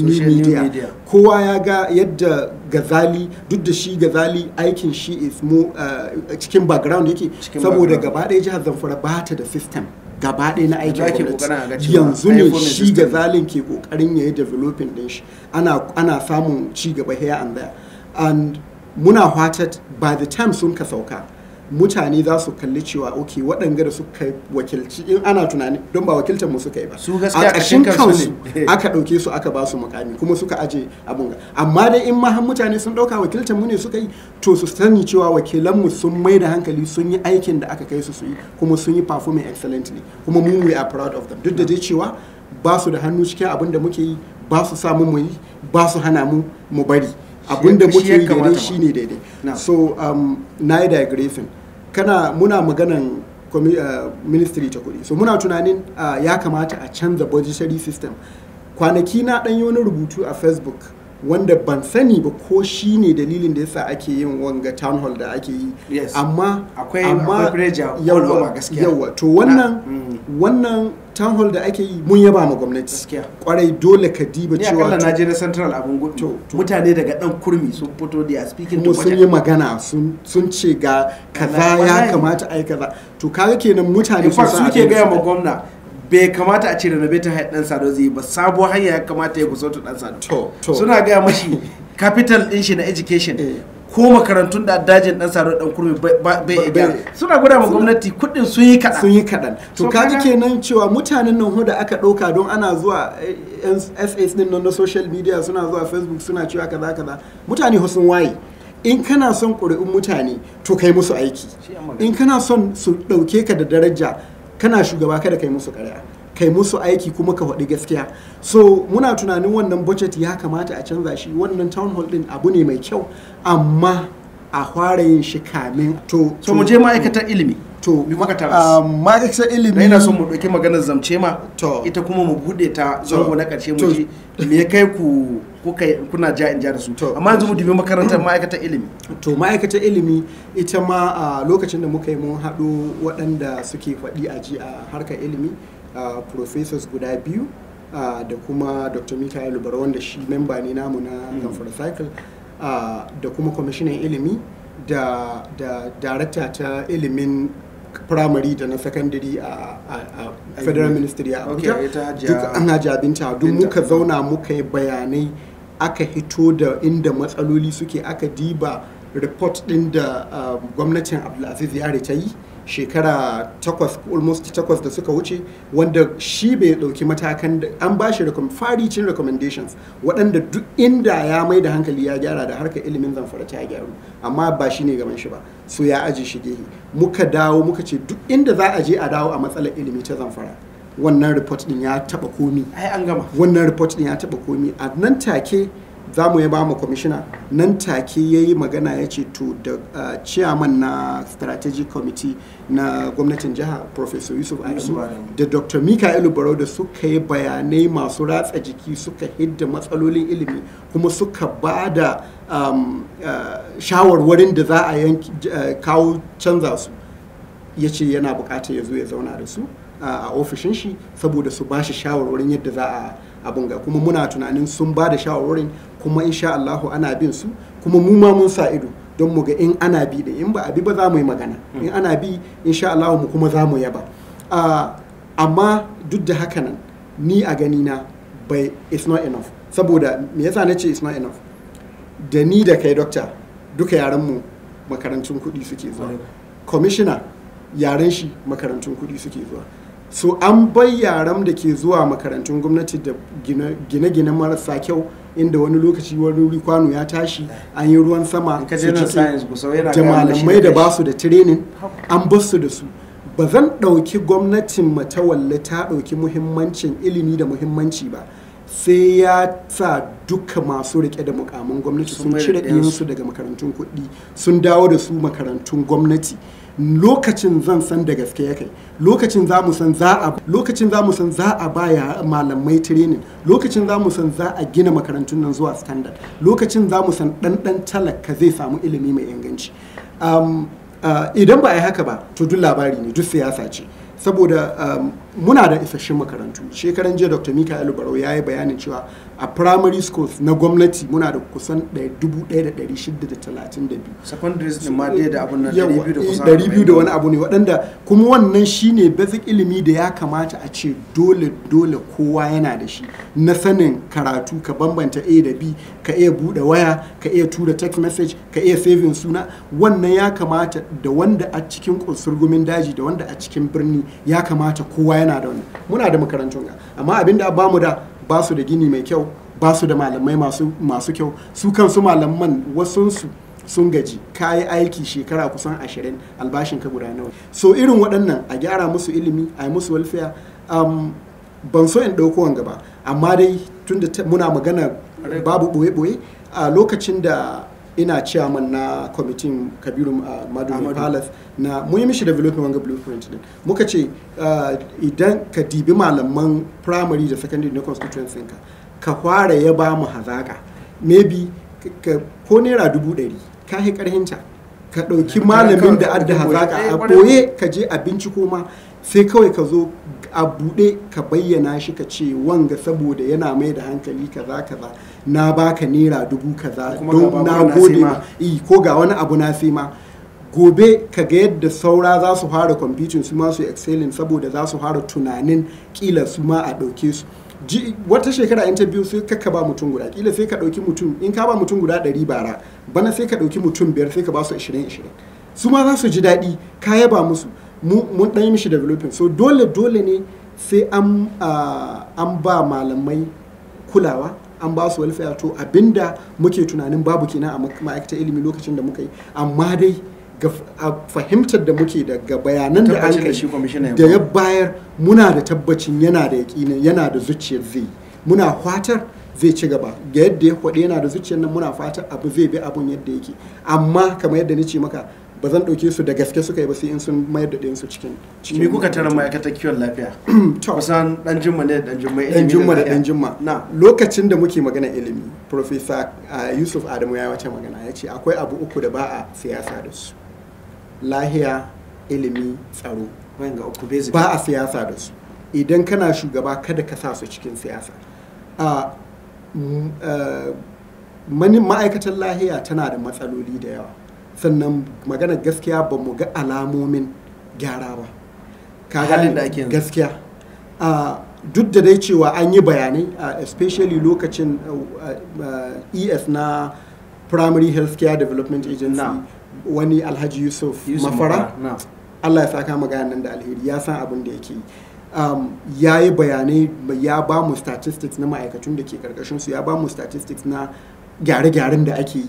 new media kowa ya ga yadda gazali duk da shi gazali aikin shi is uh, cikin background yake saboda gaba ɗaya jihar zamfara ba ta da system gaba ɗaya na aiki aikin gwamnati yanzu ne shi ga zalin ke kokarin ya yi developing din shi ana samun ci gaba here and there and muna fatat by the time sun ka sauka mutane za su kalli cewa ok waɗanga da suka wakilci in ana tunani don ba wakiltar mu suka yi ba a ƙarshen kansu [LAUGHS] aka ɗauke su aka ba su mukami kuma suka aje abun ga amma dai in ma har mutane sun ɗauka wakiltar mu ne suka yi to su sani cewa wakilan mu sun mai da hankali sun yi aikin da aka kai su su yi kuma sun yi performing excellently kuma mu we are proud of them duk da dai cewa ba su da hannu cikin abin da muke yi ba su samu mu yi ba su hana mu mu bari abin da muke yi shi ne daidai so um, na yi digressing kana muna maganan uh, ministry ta kuɗi so muna tunanin uh, ya kamata a canza budgetary system kwanaki na ɗan yi wani rubutu a facebook wanda ban sani ba ko shi ne dalilin da yasa ake yin wanga town hall da ake yi yes. amma akwai yawa to wannan ah, mm. wannan town hall da ake yi mun yaba ma gwamnati kwarai dole ka diba cewa ni akalla na central abun gudu mutane daga dan kurmi sun fito da speaking to sun yi magana sun ce ga kaza ya kamata ai kaza to kaga kenan mutane sun sa ke ga ma gwamna bai kamata a ce ranabe ta haɗa ɗan sado zai ba sabuwar hanya ya kamata ya kusa ɗan sado suna gaya mashi capital ɗin shi na education eh. ko makarantun da dajin ɗan sado ɗan kurmi bai iya suna gwada ma gwamnati kudin sun yi kaɗan. sun yi kaɗan to kaji kenan cewa mutanen nan da aka ɗauka don ana zuwa SS eh, ɗin nan na social media suna zuwa Facebook suna cewa kaza kaza mutane sun waye in kana son ƙuri'un mutane to kai musu aiki in kana son su ɗauke ka da daraja kana shugaba kada kai musu ƙarya kai musu aiki kuma ka faɗi gaskiya so muna tunanin wannan budget ya kamata a canza shi wannan town hall din abu ne mai kyau amma a fara yin shi kamin to to mu je ma'aikatar ilimi to ah, ma'aikatar ilimi ina son mu ɗauki maganar zamce ma ita kuma mu buɗe ta zango na ƙarshe mu ji me kai ku kuna ja in ja da su amma yanzu mu dubi makarantar ma'aikatar ilimi to ma'aikatar ilimi ita ma a lokacin da muka yi mun haɗo waɗanda suke faɗi a ji a harkar ilimi professors guda biyu da kuma dr mikael bar wanda shi memba ne namu na kamfar hmm. cycle da kuma kwamishinan ilimi da da darakta ta ilimin primary da na secondary a, federal ministry a abuja duk an hajabinta duk muka zauna muka yi bayanai aka hito da inda matsaloli suke aka diba report din da um, gwamnatin abdulaziz yare ta yi shekara takwas almost takwas da suka wuce wanda shi bai dauki matakan da an ba shi faricin recommendations waɗanda duk inda ya mai da hankali ya gyara da harkar ilimin zamfara ta gyaru amma ba shi ne gaban shi ba so ya aji shi muka dawo muka ce duk inda za a je a dawo a matsalar ilimi ta zamfara wannan report din ya taba komi ai an gama wannan report din ya taba komi a nan take za mu ba mu kwamishina nan take ya yi magana ya ce to da uh, chairman na strategic committee na gwamnatin jiha professor yusuf aisu da dr mikaelu barau da suka yi bayanai masu ratsa jiki suka hidda matsalolin ilimi kuma suka ba da um, uh, shawarwarin da za a uh, kawo canza su ya ce yana bukata ya zo ya zauna da su a ofishin shi saboda su ba shi shawarwarin yadda za a abin kuma muna tunanin sun ba da shawarwarin kuma insha Allahu ana bin su kuma mu ma mun sa ido don mu ga in ana bi da in ba a bi ba za mu yi magana in ana bi insha Allahu mu kuma za mu yaba amma duk da haka nan ni a gani na bai it's not enough saboda me yasa na ce it's not enough da ni da kai doctor duka yaran mu makarantun kuɗi suke zuwa commissioner yaren shi makarantun kuɗi suke zuwa so an bai yaran da ke zuwa makarantun gwamnati da gine-gine marasa kyau inda wani lokaci wani kwano ya tashi an yi ruwan sama da malamai da ba su da tirenin an su da su ba zan ɗauki gwamnatin matawalle ta ɗauki muhimmancin ilimi da muhimmanci ba sai ya sa duka masu rike da mukamin gwamnati sun cire ɗinsu daga makarantun kuɗi sun dawo da su makarantun gwamnati lokacin zan san da gaske yake lokacin za mu san za a lokacin za mu san za a baya malamai training lokacin za mu san za a gina makarantun nan zuwa standard lokacin za mu san ɗanɗan talaka zai samu ilimi mai inganci idan ba a yi haka ba to duk labari ne duk siyasa ce saboda muna da isasshen makarantu shekaran jiya dr mika barau ya yi bayanin cewa a primary schools na gwamnati muna da kusan 1,632 secondary ne ma da abun nan 200 da eh, wani abu ne waɗanda kuma wannan shine basic ilimi da ya kamata a ce dole dole kowa yana da shi na sanin karatu ka bambanta a da b ka iya buɗe waya ka iya tura text message ka iya saving suna wannan ya kamata da wanda a cikin kunsurgumin daji da wanda a cikin birni ya kamata kowa yana da wannan muna da makarantun amma abinda ba mu da ba su da gini mai kyau ba su da malamai masu kyau su kansu malaman wasunsu sun gaji ka yi aiki shekara kusan ashirin albashin ka guda nawa so irin waɗannan a gyara musu ilimi a yi musu welfare um, ban so in ɗauko wanga ba amma dai tunda da muna magana babu ɓoye boye a lokacin da ina chairman na kwamitin kabiru uh, madu palace na mun yi mishi development wanga blueprint din muka ce uh, idan ka dibi malaman primary da secondary na constituency ka ka fara ya ba mu hazaka maybe ko naira dubu ɗari ka hi karhinta ka ɗauki malamin da adda hazaka a boye ka je a binciko ma sai kawai ka zo a buɗe ka bayyana shi ka ce wanga saboda yana mai da hankali kaza kaza na baka naira dubu kaza don na gode ma ko ga wani abu na sai ma gobe ka ga yadda saura za su fara kwamfitin su ma su excelling saboda za su fara tunanin kila su ma a ɗauke su wata shekara in ta biyu sai ka ba mutum guda kila sai ka ɗauki mutum in ka ba mutum guda ɗari bara bana sai ka ɗauki mutum biyar sai ka ba su ashirin ashirin su ma za su ji daɗi ka yaba musu mun ɗan yi mishi developing so dole dole ne sai an ba malamai kulawa an ba su welfare to abinda muke tunanin babu kenan a ma'aikatar ilimi lokacin da muka yi amma dai a fahimtar da muke daga bayanan da an kai da ya bayar muna da tabbacin yana da yakinin yana da zuciyar zai muna fatar zai ci gaba ga yadda ya kwaɗe yana da zuciyar nan muna fatar abu zai bi abun yadda yake amma kamar yadda ni ce maka ba zan ɗauke su da gaske suka yi ba sai in sun mayar da su cikin cikin me kuka tara ma'aikatar kiwon lafiya [CLEARS THROAT] kusan dan jimma ne dan jimma dan jimma da dan jimma na lokacin da muke magana ilimi professor uh, yusuf adamu ya wace magana ya ce akwai abu uku da ba a siyasa da su lahiya ilimi tsaro ba a siyasa da su idan kana shugaba kada ka sa su cikin siyasa a ma'aikatar lahiya tana da matsaloli da yawa sannan magana gaskiya ba mu ga alamomin gyara ba halin da gaskiya duk da dai cewa an yi bayanai especially lokacin es na primary health care development agency wani alhaji yusuf mafara allah ya sa saka magana nan da alheri ya san abin da yake yi um, ya yi bayanai ya ba mu statistics na ma'aikacin da ke karkashin su ya ba mu statistics na gyare-gyaren da ake yi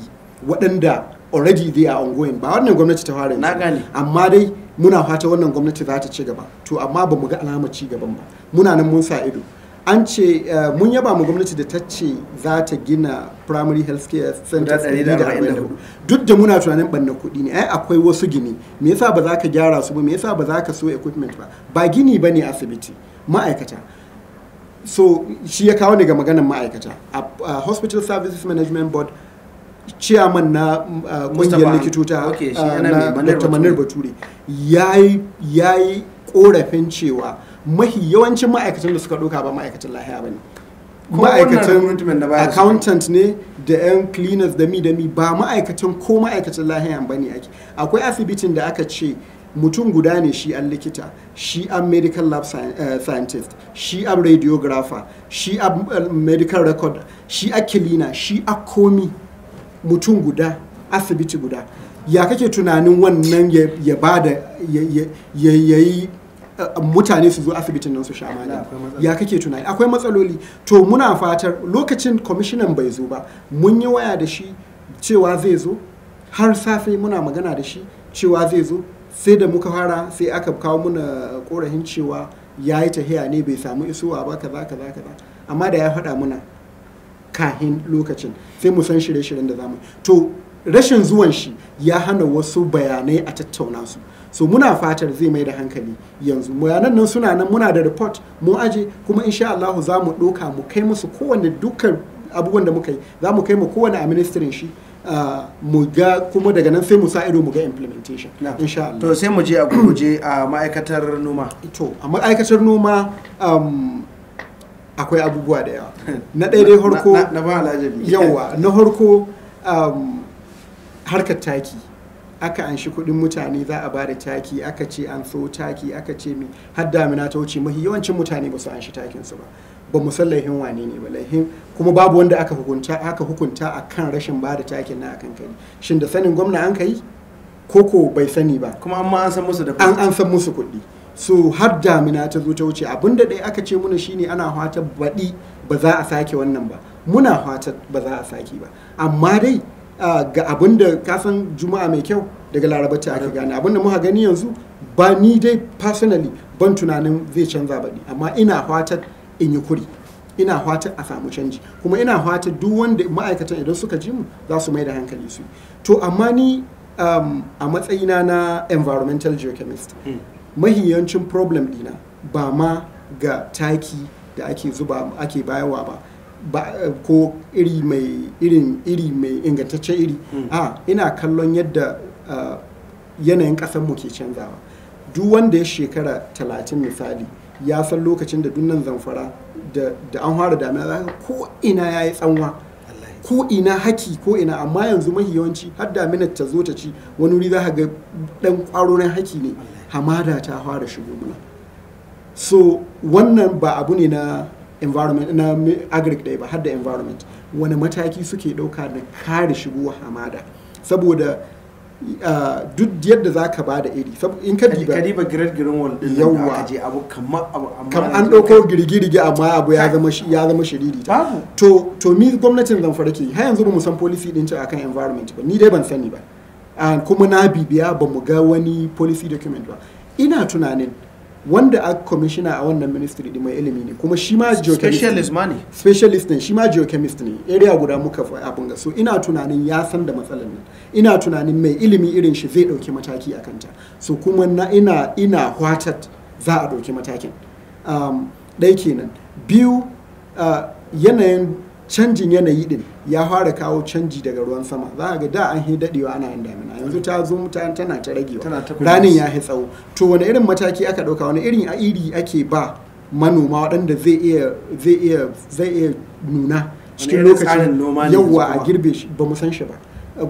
waɗanda already they are ongoing ba wannan gwamnati ta fara na amma dai muna fata wannan gwamnati za ta ci gaba to amma ba mu ga alamar ci gaban ba muna nan mun sa ido an ce eh, mun yaba mu gwamnati da ta ce za ta gina primary health care centers duk da muna tunanin banna kuɗi ne ai akwai wasu gini me yasa ba za ka gyara su ba me yasa ba za ka so equipment ba ba gini ba ne asibiti ma'aikata so shi ya kawo ga maganar ma'aikata a hospital services management board ciyaman na kungiyar eh, likitota eh, na dr Manir bature ya yi korafin cewa mahi yawancin ma'aikatan da suka ɗauka ba ma'aikatan lahiya ba ne ma'aikacin accountant ne da yan cleaners da mi da mi ba ma'aikatan ko ma'aikatan lahiya ba ne ake akwai asibitin da aka ce mutum guda ne shi an likita shi an medical lab eh, scientist shi an radiographer shi an eh, medical record shi a cleaner shi a komi mutum guda asibiti guda ya kake tunanin wannan ya bada ya yi mutane su zo asibitin nan su sha magani ya kake tunani akwai matsaloli to muna fatar lokacin kwamishinan bai zo ba mun yi waya da shi cewa zai zo har safe muna magana da shi cewa zai zo sai da muka fara sai aka kawo muna korafin cewa ya yi tahiya ne bai samu isowa ba kaza kaza kaza amma da ya fada muna kahin lokacin sai mu san shirye-shiryen da zamu to rashin zuwan shi ya hana wasu bayanai a tattauna su so muna fatar zai mai da hankali yanzu bayanan nan suna nan muna da report mu aje kuma insha Allah za mu doka mu kai musu kowane dukkan abubuwan da muka yi za mu kai mu kowane a ministerin shi ah, mu ga kuma daga nan sai mu sa ido mu ga implementation insha Allah to sai mu je a guje a ma'aikatar noma to a ma'aikatar noma um, akwai abubuwa da yawa na ɗaya dai [LAUGHS] harko na ba yawa na harko um, harkar taki aka anshi kuɗin mutane za a bada taki aka ce an so taki aka ce mi har damina ta wuce mahi yawancin mutane ba su anshi takin su ba ba mu san laihin wane ne ba laihin kuma babu wanda aka hukunta aka hukunta akan rashin bada takin na akan kai shin da sanin gwamna an kai koko bai sani ba kuma amma an san musu da an an san musu kuɗi so har damina ta zo ta wuce abinda dai aka ce muna shine ana hwata baɗi ba za a sake wannan ba muna hwata ba za a sake ba amma dai ga abin da kasan juma'a mai kyau daga laraba ta aka gane abin da muka gani yanzu ba ni dai personally ban tunanin zai canza baɗi amma ina fatar in yi kuri ina fatar a samu canji kuma ina fatar duk wanda ma'aikatan idan suka ji mu za su mai da hankali su to amma ni um, a matsayina na environmental geochemist mm. mahiyancin problem dina ba ma ga taki da ake zuba ake bayawa ba ba ko iri mai irin iri mai ingantaccen iri hmm. a ah, ina kallon yadda ah, yanayin mu ke canzawa duk wanda ya shekara talatin misali ya san lokacin da dunnan zamfara da an fara damina ko ina ya yi tsanwa ko ina haki ko ina amma yanzu mahi yawanci har damina ta zo ta ci wani wuri za ga dan na haki ne hamada ta fara shigo mana so wannan ba abu ne na environment na agric ɗaya ba har da environment wani mataki suke ɗauka na kare shigo hamada saboda ah, duk yadda za ka ba da iri in ka diba kadiba great green wall din da aka je abu kamar an ɗauko girgirgi amma abu ya zama ya zama shiriri to to mi gwamnatin zamfara ke har yanzu ba mu san policy din ta akan environment ba ni dai ban sani ba ah, kuma na bibiya ba mu ga wani policy document ba ina tunanin wanda a commissioner a wannan ministry din mai ilimi ne kuma shi ma specialist ne specialist ne shi ma geochemist ne area guda muka abin ga so ina tunanin ya san da matsalar nan ina tunanin mai ilimi irin shi zai dauki mataki a kanta so kuma na ina ina hwatat za a dauki matakin um, kenan biyu uh, yanayin canjin yanayi din ya fara kawo canji daga ruwan sama za ga da an hi dadewa ana yin damina yanzu ta zo mutane tana ta ragewa ranin ya hi tsawo to wani irin mataki aka dauka wani irin iri ake ba manoma waɗanda zai iya zai iya zai iya nuna cikin lokacin yawwa a girbe shi ba mu san shi ba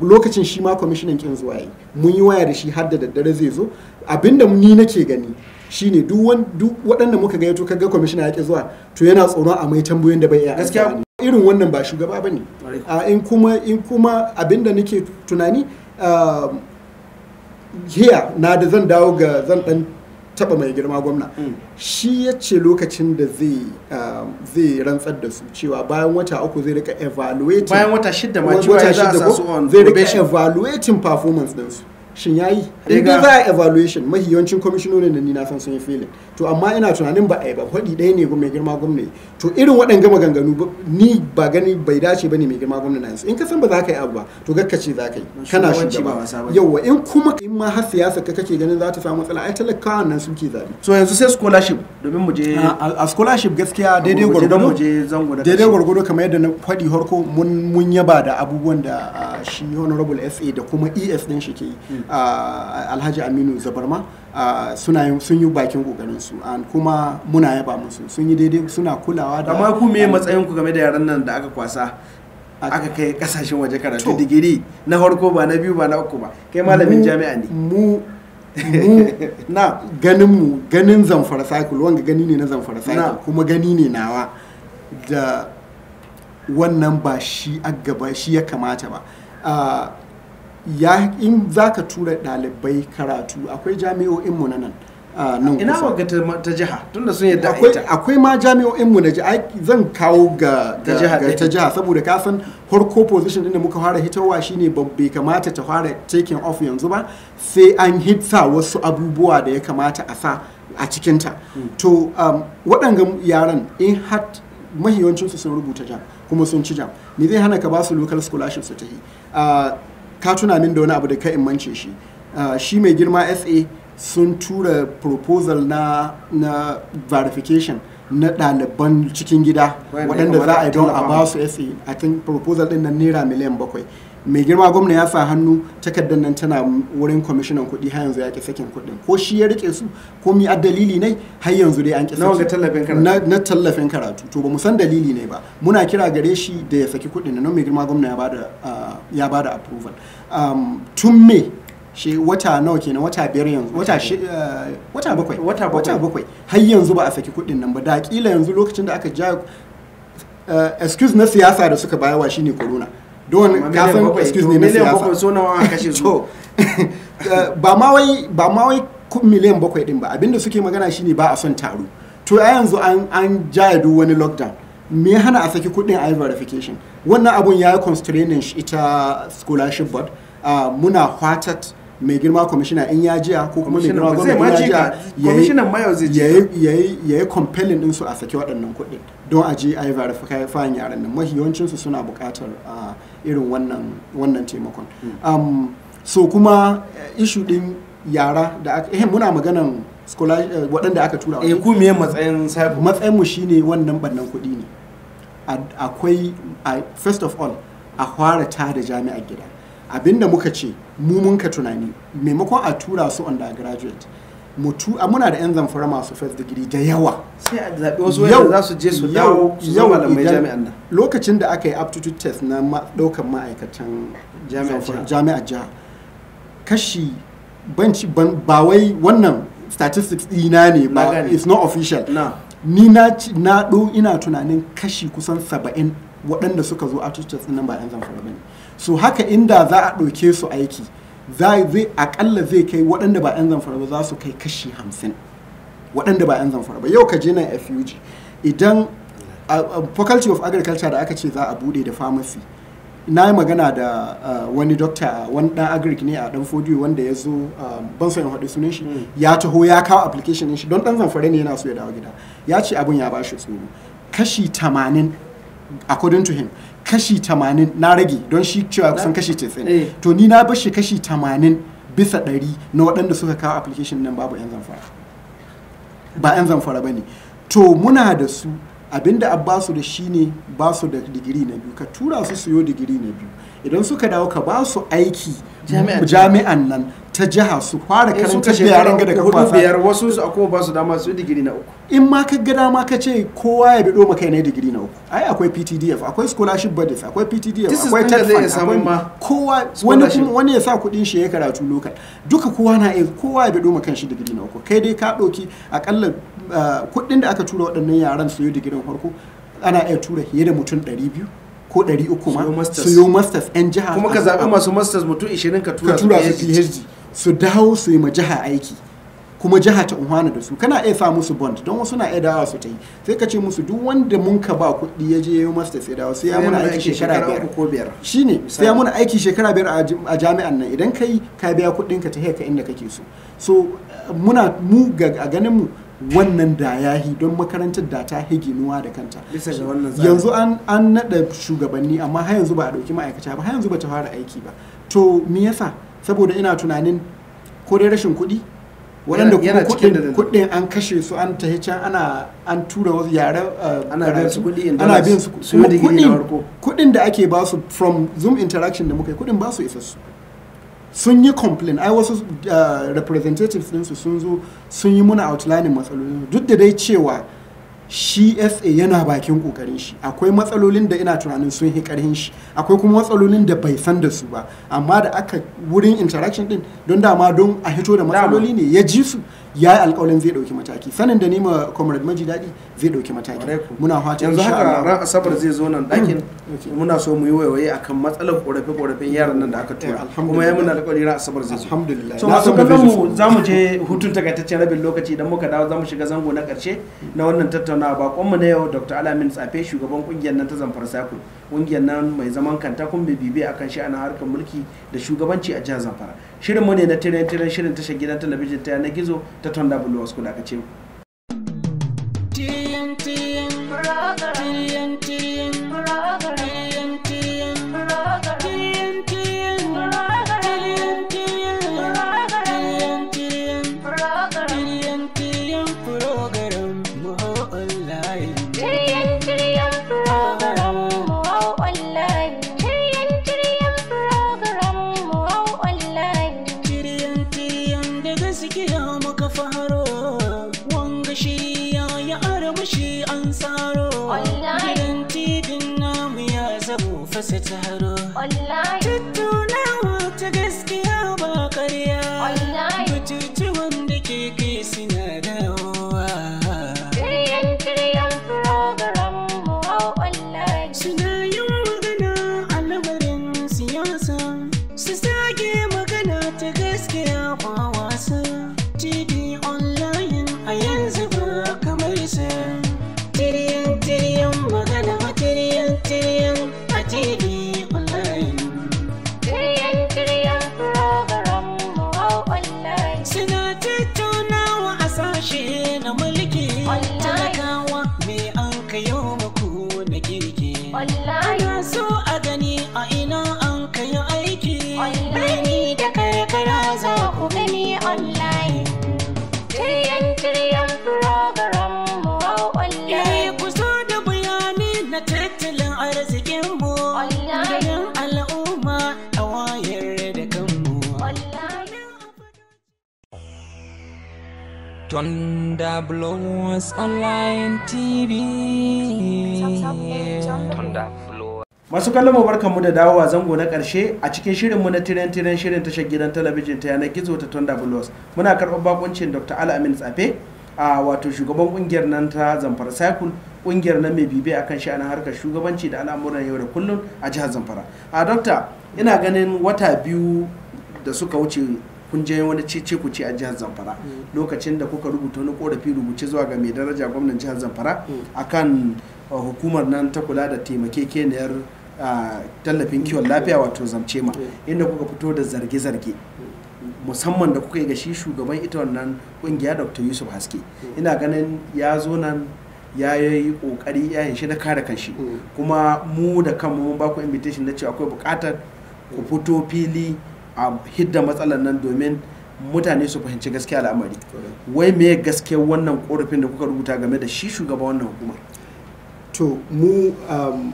lokacin shi ma kwamishinan kin zuwa yi mun yi waya da shi har da daddare zai zo abinda ni nake gani shine duk waɗanda muka gayyato kaga kwamishina ya ke zuwa to yana tsoron a mai tambayoyin da bai iya gaskiya irin wannan ba shugaba ba ne ah, in kuma in kuma abinda nake tunani ah, here na da zan dawo ga zan dan taba mai girma gwamna mm. shi ya ce lokacin da ah, zai rantsar da su cewa bayan wata uku zai rika evaluating bayan wata shida ma wata shida ko zai rika evaluating performance din su shin yayi in dai za a evaluation mahi yawancin kwamishinoni da ni na san sun yi filin to amma ina tunanin ba a yi ba faɗi ɗaya ne mai girma gwamna to irin waɗanga maganganu ni ba gani bai dace ba ne mai girma gwamna na yanzu in ka san ba za ka yi abu ba to gakkace za ka yi kana shugaba wa in kuma in ma har siyasa ka kake ganin za ta samu matsala ai talakawa nan suke zaɓe. so yanzu sai scholarship domin mu je a scholarship gaskiya daidai gwargwado daidai gwargwado kamar yadda na faɗi harko mun mun yaba da abubuwan da shi honorable sa da kuma es din shi ke hmm. alhaji aminu zabarma suna sun yi bakin kokarin su an kuma muna yaba musu sun yi daidai suna kulawa da amma ku me matsayin ku game da yaran nan da aka kwasa aka kai kasashen waje karatu digiri na farko ba na biyu ba na uku ba kai malamin jami'a ne mu [LAUGHS] na ganin mu ganin zamfara cycle wanga gani ne na zamfara cycle kuma gani ne nawa da wannan ba shi gaba shi ya kamata ba ya in za ka tura ɗalibai karatu akwai jami'o'in mu na nan nan ina ta jiha tunda sun yadda akwai akwai ma jami'o'in mu na jiha zan kawo ga ta jiha saboda ka san horko position din da muka fara hitarwa shine bai kamata ta fara taking off yanzu ba sai an hitsa wasu abubuwa da ya kamata a sa a cikinta hmm. to um, waɗanga yaran in har su sun rubuta jam kuma sun ci jam me zai hana ka ba su local scholarship su yi uh, ka tuna min da wani abu da ka in mance shi uh, shi mai girma sa sun tura proposal na na verification na ɗaliban cikin gida waɗanda za a yi don a ba su sa a tun proposal ɗin na naira miliyan bakwai mai girma gwamna ya sa hannu takardar nan tana wurin kwamishinan kuɗi har yanzu ya ki sakin kuɗin ko shi ya rike su ko mi a dalili ne har yanzu dai an ki sakin na tallafin karatu na tallafin karatu to ba mu san dalili ne ba muna kira gare shi da ya saki kuɗin nan mai girma gwamna ya bada ah, ya bada approval um, tun me shi wata nawa kenan wata biyar yanzu wata shi eh, wata bakwai wata bakwai har yanzu ba a saki kudin nan ba da kila yanzu lokacin da aka ja eh, excuse na siyasa da suka bayawa shine corona don ka san excuse ne na siyasa so nawa aka kashe [LAUGHS] su [LAUGHS] eh, ba ma wai ba ma wai miliyan bakwai din ba abinda suke magana shine ba a son taro to a yanzu an an jaya duk wani lockdown me ya hana a saki kudin a verification wannan abun ya yi constraining ita scholarship board ah, muna fatat mai girma kwamishina in ya jiya ko kuma mai girma gwamnati ya jiya kwamishinan mayo zai yayi yayi compelling din su a saki waɗannan kuɗi don a je a yi verify fayin yaran nan mafi su suna buƙatar ah, irin wannan wannan taimakon hmm. um, so kuma eh, ishu din yara da aka eh, muna maganan eh, waɗanda aka tura wani ku me matsayin saifu. matsayin mu shine wannan bannan kuɗi ne akwai first of all a fara tada jami'ar gida abinda muka ce mu mun ka tunani maimakon a tura su undergraduate mutu a muna da 'yan zamfara masu first degree da yawa sai a zaɓi wasu wanda za su je su dawo su zama malamai jami'an nan lokacin da aka yi aptitude test na ɗaukan ma'aikatan jami'a ja kashi banci ba wai wannan statistics dina ne ba it's not official ni na na ina tunanin kashi kusan 70 waɗanda suka zo aptitude test nan ba 'yan zamfara ba ne su haka inda za a ɗauke su aiki zai akalla zai kai waɗanda ba 'yan zamfara ba za su kai kashi hamsin waɗanda ba 'yan zamfara ba yau ka je nan fug idan faculty of agriculture da aka ce za a bude da pharmacy na yi magana da wani dokta wani dan agric ne a dan fodiyo wanda ya zo ban san haɗu sunan shi hmm. ya taho ya kawo application din shi don ɗan zamfara ne yana so ya dawo gida ya ce abin ya bashi tsoro kashi 80 according to him kashi tamanin na rage don shi cewa kusan kashi 90 eh. to ni na bashi kashi tamanin bisa 100 na waɗanda suka kawo application nan babu 'yan zamfara ba 'yan zamfara ba ne to muna da su abinda abbasu da shi ne ba su da digiri na biyu ka tura su su digiri na biyu idan suka dawo ka ba su aiki jami'an nan ta jiha su fara eh, karanta da yaran ga daga kwasa biyar wasu su akwai ba su dama su digiri na uku in ma ka gada ma ka ce kowa ya bido maka ne digiri na uku ai akwai PTDF akwai scholarship buddies akwai PTDF akwai TELFAN akwai kowa wani kuma wani ya sa kudin shi ya karatu lokal duka kowa na iya kowa ya bido maka shi digiri na uku kai dai ka ɗauki akalla eh, kudin da aka tura waɗannan yaran su yi digirin farko ana iya tura fiye da mutum 200 ko 300 ma su yi masters 'yan jiha kuma ka zaɓi masu masters mutum 20 ka tura su phd su dawo su yi ma jiha aiki kuma jiha ta unhwana da su kana iya sa musu bond don wasu na iya dawa su ta yi sai ka ce musu duk wanda mun ka ba kuɗi ya je ya yi masters ya dawo sai ya muna aiki shekara biyar sai ya muna aiki shekara biyar a jami'an nan idan yi ka biya kuɗinka ta haika inda kake so so muna mu a ganin mu wannan da ya yi don makarantar da ta higinuwa da kanta yanzu an naɗa shugabanni amma har yanzu ba a ɗauki ma'aikata ba har yanzu ba ta fara aiki ba to me yasa saboda ina tunanin ko dai rashin kuɗi waɗanda kuma kuɗin an kashe su an tahi can ana an tura wasu yare eh, ana bin su kuɗi kuɗin da ake ba su from zoom interaction da muka yi kuɗin ba su isassu sun yi complain ai wasu uh, representatives ɗinsu sun zo sun yi muna outline matsalolin duk da dai cewa csa yana bakin kokarin shi akwai matsalolin da ina tunanin sun yi karhin shi akwai kuma matsalolin da bai san da su ba amma da aka wurin interaction din don dama don a hito da matsaloli ne ya ji su ya yi alkawalin zai ɗauki mataki sanin da nima comrade maji daɗi zai ɗauki mataki muna fatan yanzu haka ran asabar zai zo nan ɗakin mm. muna so mu yi a akan matsalar ƙorafe ƙorafen yaran nan da aka tura kuma ya muna alƙawari ran asabar zai zo alhamdulillah so masu kallon mu za mu je hutun takaitaccen rabin lokaci idan muka dawo za mu shiga zango na ƙarshe na wannan tattaunawa bakon mu na yau Dr. Alamin Tsafe shugaban kungiyar nan ta Zamfara sakul kungiyar nan mai zaman kanta kuma bai bibiya akan ana harkar mulki da shugabanci a jihar zamfara shirinmu ne na tiran tiren shirin tashar gidan talabijin ta yanar gizo ta tonda bulu wasu kuɗa ce ce Thunder Blows Online TV. Masu kallon barkan mu da dawowa zango na karshe a cikin shirinmu na tiren tiren shirin tashar gidan talabijin ta yanar gizo ta Thunder Blows. Muna karɓar bakuncin Dr. Alamin Tsafe a wato shugaban kungiyar nan ta Zamfara Cycle kungiyar nan mai bibe akan sha'anin harkar shugabanci da al'amuran yau da kullum a jihar Zamfara. A dokta ina ganin wata biyu da suka wuce kun je wani cece ku ce a jihar zamfara mm. lokacin da kuka rubuta wani korafi rubuce zuwa ga mai daraja gwamnan jihar zamfara mm. akan uh, hukumar nan ta kula da taimakekeniyar uh, tallafin mm. kiwon lafiya wato zamce ma inda kuka fito da zarge-zarge musamman da kuka yi ga shi shugaban ita wannan kungiya dr yusuf haske ina ganin ya zo nan ya yi kokari yayin shi na kare kanshi kuma mu da kanmu mun ba ku invitation na cewa akwai bukatar ku fito fili a hidda matsalar nan domin mutane su fahimci gaskiya al'amari wai me gaskiya wannan korafin da kuka rubuta game da shi shugaba wannan hukumar to mu um,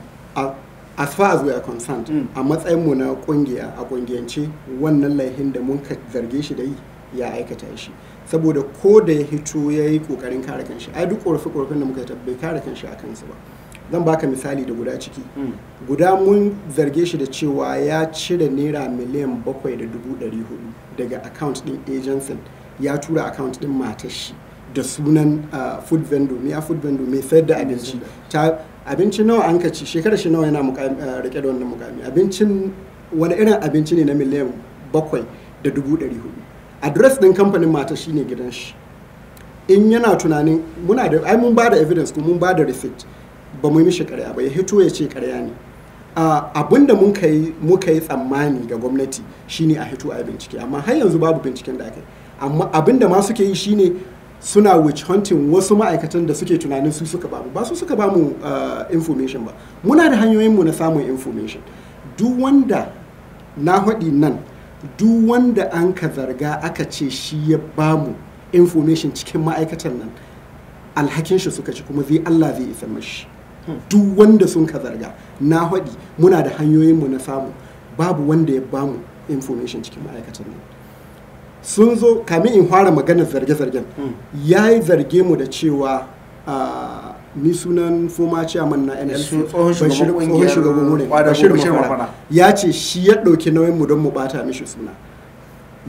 as far as we are concerned mm. a matsayin mu na kungiya a kungiyance wannan laihin da mun zarge shi da yi ya aikata shi saboda ko da ya hito ya yi kokarin kare kanshi ai duk korafi korafin da muka yi bai kare kanshi a kansu ba zan baka misali da guda ciki hmm. guda mun zarge shi da cewa ya cire naira miliyan bakwai da dubu ɗari hudu daga account din agency ya tura account din matar shi da sunan ah, food vendor miya food vendor mai sayar da abinci abinci nawa an ka ci shekarar shi nawa yana ah, rike da wannan mukami abincin wani irin abinci ne na miliyan bakwai da dubu ɗari hudu adres din kamfanin matashi shine gidan shi in yana tunanin muna da ai mun ba da evidence ko mun ba da receipt ba mu yi mishi karya ba ya hito ya ce karya ne abin da muka yi tsammani ga gwamnati shine a hito a yi bincike amma har yanzu babu binciken da aka yi amma abin da ma suke yi shine suna witch hunting wasu ma'aikatan da suke tunanin su suka bamu ba su suka bamu eh, information ba muna da hanyoyin mu na samun information duk wanda na haɗi nan duk wanda an ka zarga aka ce shi ya bamu information cikin ma'aikatan nan alhakin shi suka ci kuma zai Allah zai isa mashi duk wanda sun ka zarga na haɗi muna da hanyoyinmu na samu babu wanda ya bamu information cikin ma'aikatan nan sun zo kamin in fara maganar zarge-zargen mm. ya yi zarge mu da cewa ni sunan foma chairman na nlc ya ce shi ya ɗauki nauyin mu don mu bata mishi suna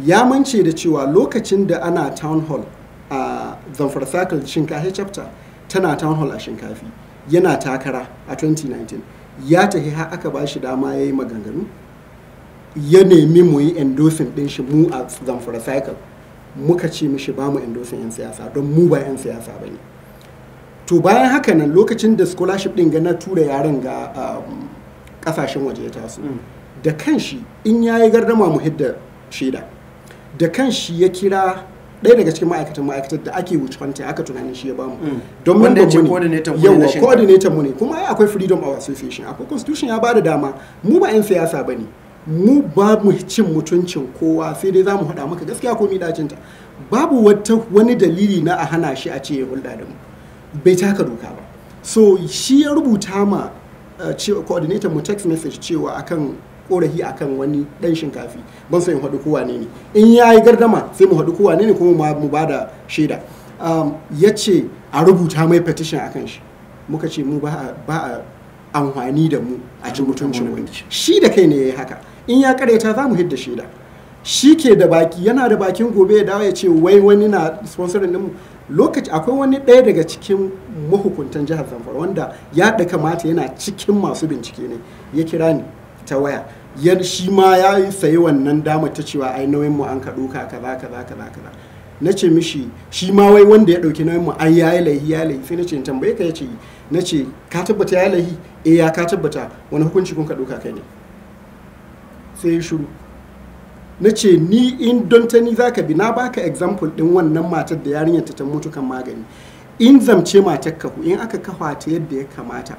ya mance da cewa lokacin da ana town hall a zamfara circle shinkafi chapter tana town hall a shinkafi yana takara a 2019 ya tafi har aka ba shi dama ya yi maganganu ya nemi mu yi endosin din shi mu a zamfara cycle muka ce mishi ba mu endosin 'yan siyasa don mu ba 'yan siyasa ba ne to bayan haka nan lokacin da scholarship din gana tura yaran ga um, kasashen waje ya taso mm. da kanshi in ya yi gardama mu hidda shaida da kan shi ya kira ɗaya daga cikin ma'aikatan ma'aikatar da ake wuce kwanta aka tunanin shi ya bamu mm. don mun ba ne coordinator mu ne kuma akwai freedom of association akwai constitution ya bada dama mu ba yan siyasa bane mu ba mu cin mutuncin kowa sai dai za mu haɗa maka gaskiya ko mi ta babu wata wani dalili na a hana shi a ce ya hulɗa da mu bai taka doka ba so shi ya rubuta ma eh, coordinator mu text message cewa akan korafi kan wani dan shinkafi ban san in haɗu kowa ne ne in ya yi gardama sai mu haɗu kowa ne ne kuma mu ba da shaida um, ya ce a rubuta mai petition kan shi muka ce mu ba a amfani da mu a cikin mutuncin shi da kai ne ya yi haka in ya karyata za mu hidda shaida shi ke da baki yana da bakin gobe ya dawo ya ce wai wani na sponsorin mu lokaci akwai wani ɗaya daga cikin mahukuntan jihar zamfara wanda ya da kamata yana cikin masu bincike ne ya kira ni ta waya yar shi ma ya sayi wannan dama ta cewa ai nauyin mu an ka doka kaza kaza kaza kaza na ce mishi shi ma wai wanda ya dauki nauyin mu ai yayi lahi ya lahi sai na ce tambaye ka ya ce na ce ka tabbata ya lahi eh ya ka tabbata wani hukunci kun ka doka kai ne sai ya shiru na ce ni in don ta ni zaka bi na baka example din wannan matar da yarinyar ta mutu kan magani in zamce matar ku in aka kafa ta yadda ya kamata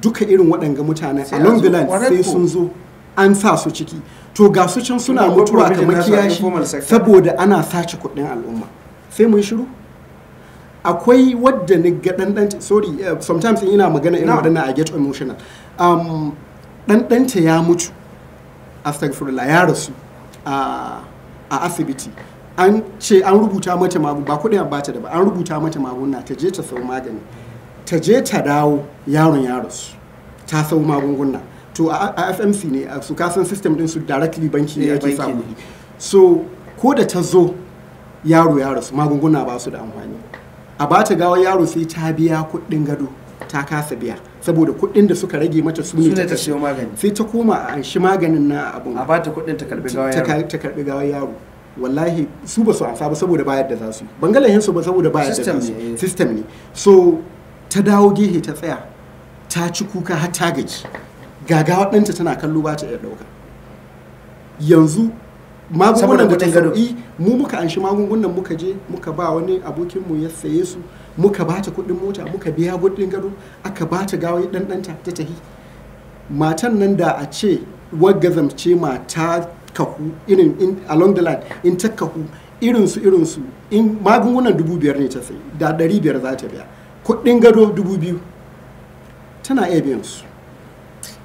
duka irin waɗanga mutanen a the line sai sun zo an sa su ciki to ga su can suna mutuwa kamar kiyashi saboda ana sace kuɗin al'umma sai mun shiru akwai wadda ni ga ɗanɗanta sorry eh, sometimes ina magana ina waɗannan a get emotional um, ɗanɗanta ya mutu astagfirullah ya rasu a asibiti an ce an rubuta mata magun ba kuɗin ba ta da ba an rubuta mata magunguna ta je ta sau magani ta je ta dawo yaron ya rasu ta sau magunguna to a fmc ne su kasan system din su directly banki ne eh, ake samu so ko da ta zo yaro ya rasu magunguna ba su da amfani a ba ta gawa yaro sai ta biya kuɗin gado ta kasa biya saboda kuɗin da suka rage mata su ne ta siyo magani sai ta koma a shi maganin na abun a ba ta kuɗin ta karbi gawa yaro ta karbi gawa yaro wallahi su ba su ansa ba saboda bayar da za su bangalahin su ba saboda bayar da su eh. system ne so ta dawo gehe ta tsaya ta ci kuka har ta gaji gagawa ɗanta tana kallo ba ta iya ɗauka yanzu magungunan da sauƙi mu muka anshi magungunan muka je muka ba wani abokinmu ya saye su muka ba ta kuɗin mota muka biya kuɗin gado aka ba ta gawayi ɗanɗanta ta tahi matan nan da a ce ma mata kahu irin along the line in ta kahu irinsu irinsu in magungunan dubu biyar ne ta sai da ɗari biyar za ta biya kuɗin gado dubu biyu tana iya biyan su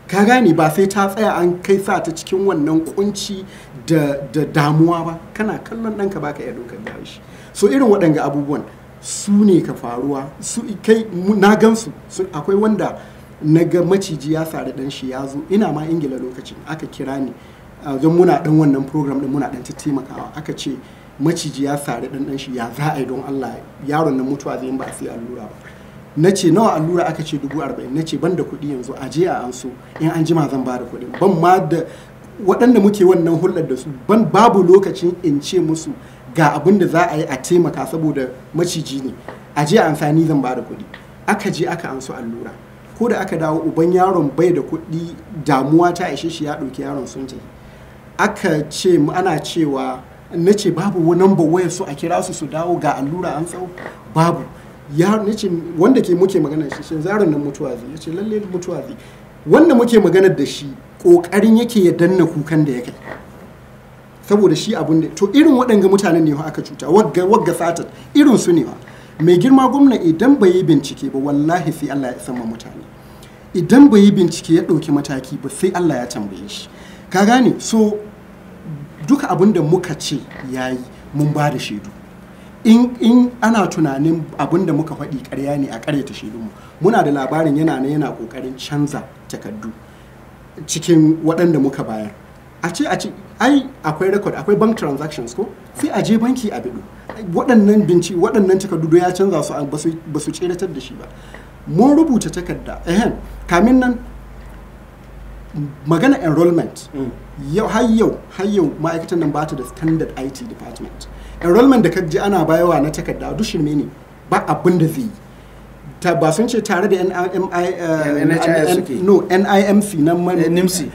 ka gane ba sai ta tsaya an kai sa ta cikin wannan kunci da, damuwa ba kana kallon ɗanka baka iya dokar da shi so irin waɗanga abubuwan su ne ka faruwa su kai na gansu akwai wanda na ga maciji ya sare dan shi ya zo ina ma ingila lokacin aka kira ni don muna ɗan wannan program ɗin muna ɗan taimakawa aka ce maciji ya sare ɗan shi ya za a yi don allah yaron nan mutuwa zai ba sai allura ba na ce nawa allura aka ce dubu arba'in na ce ban da kuɗi yanzu a je a anso in an jima zan bada kuɗin ban ma da waɗanda muke wannan hulɗar da su ban babu lokacin in ce musu ga abin da za a yi a taimaka saboda maciji ne a je a amfani zan bada kuɗi aka je aka anso allura ko da aka dawo uban yaron bai da kuɗi damuwa ta ishe shi ya ɗauki yaron sun je aka ce ana cewa na ce babu number wayar su a kira su su dawo ga allura an tsawo babu ya nace wanda ke muke magana shi shin zarin nan mutuwa zai yace lalle mutuwa zai wanda muke magana da shi kokarin yake ya danna kukan da yake saboda shi abun da to irin waɗanga mutanen ne aka cuta wagga wagga irin su ne ba mai girma gwamna idan bai yi bincike ba wallahi sai Allah ya sama mutane idan bai yi bincike ya ɗauki mataki ba sai Allah ya tambaye shi ka gane so duka abin da muka ce yayi mun ba da shaidu in in ana tunanin abin da muka faɗi ƙarya ne a ta ƙaryata mu muna da labarin yana na yana ƙoƙarin canza takardu cikin waɗanda muka bayar a ce a ce ai akwai record akwai bank transactions ko sai a je banki a bidu waɗannan binci waɗannan takardu ya canza su ba su ceratar da shi ba mun rubuta takarda ehen kamin nan magana enrollment mm. yau har yau har ma'aikatan nan ba ta da standard IT department enrollment da kaji ana bayawa na takarda duk shirme ne ba abin da zai yi ba sun ce tare da NIMC eh, na eh,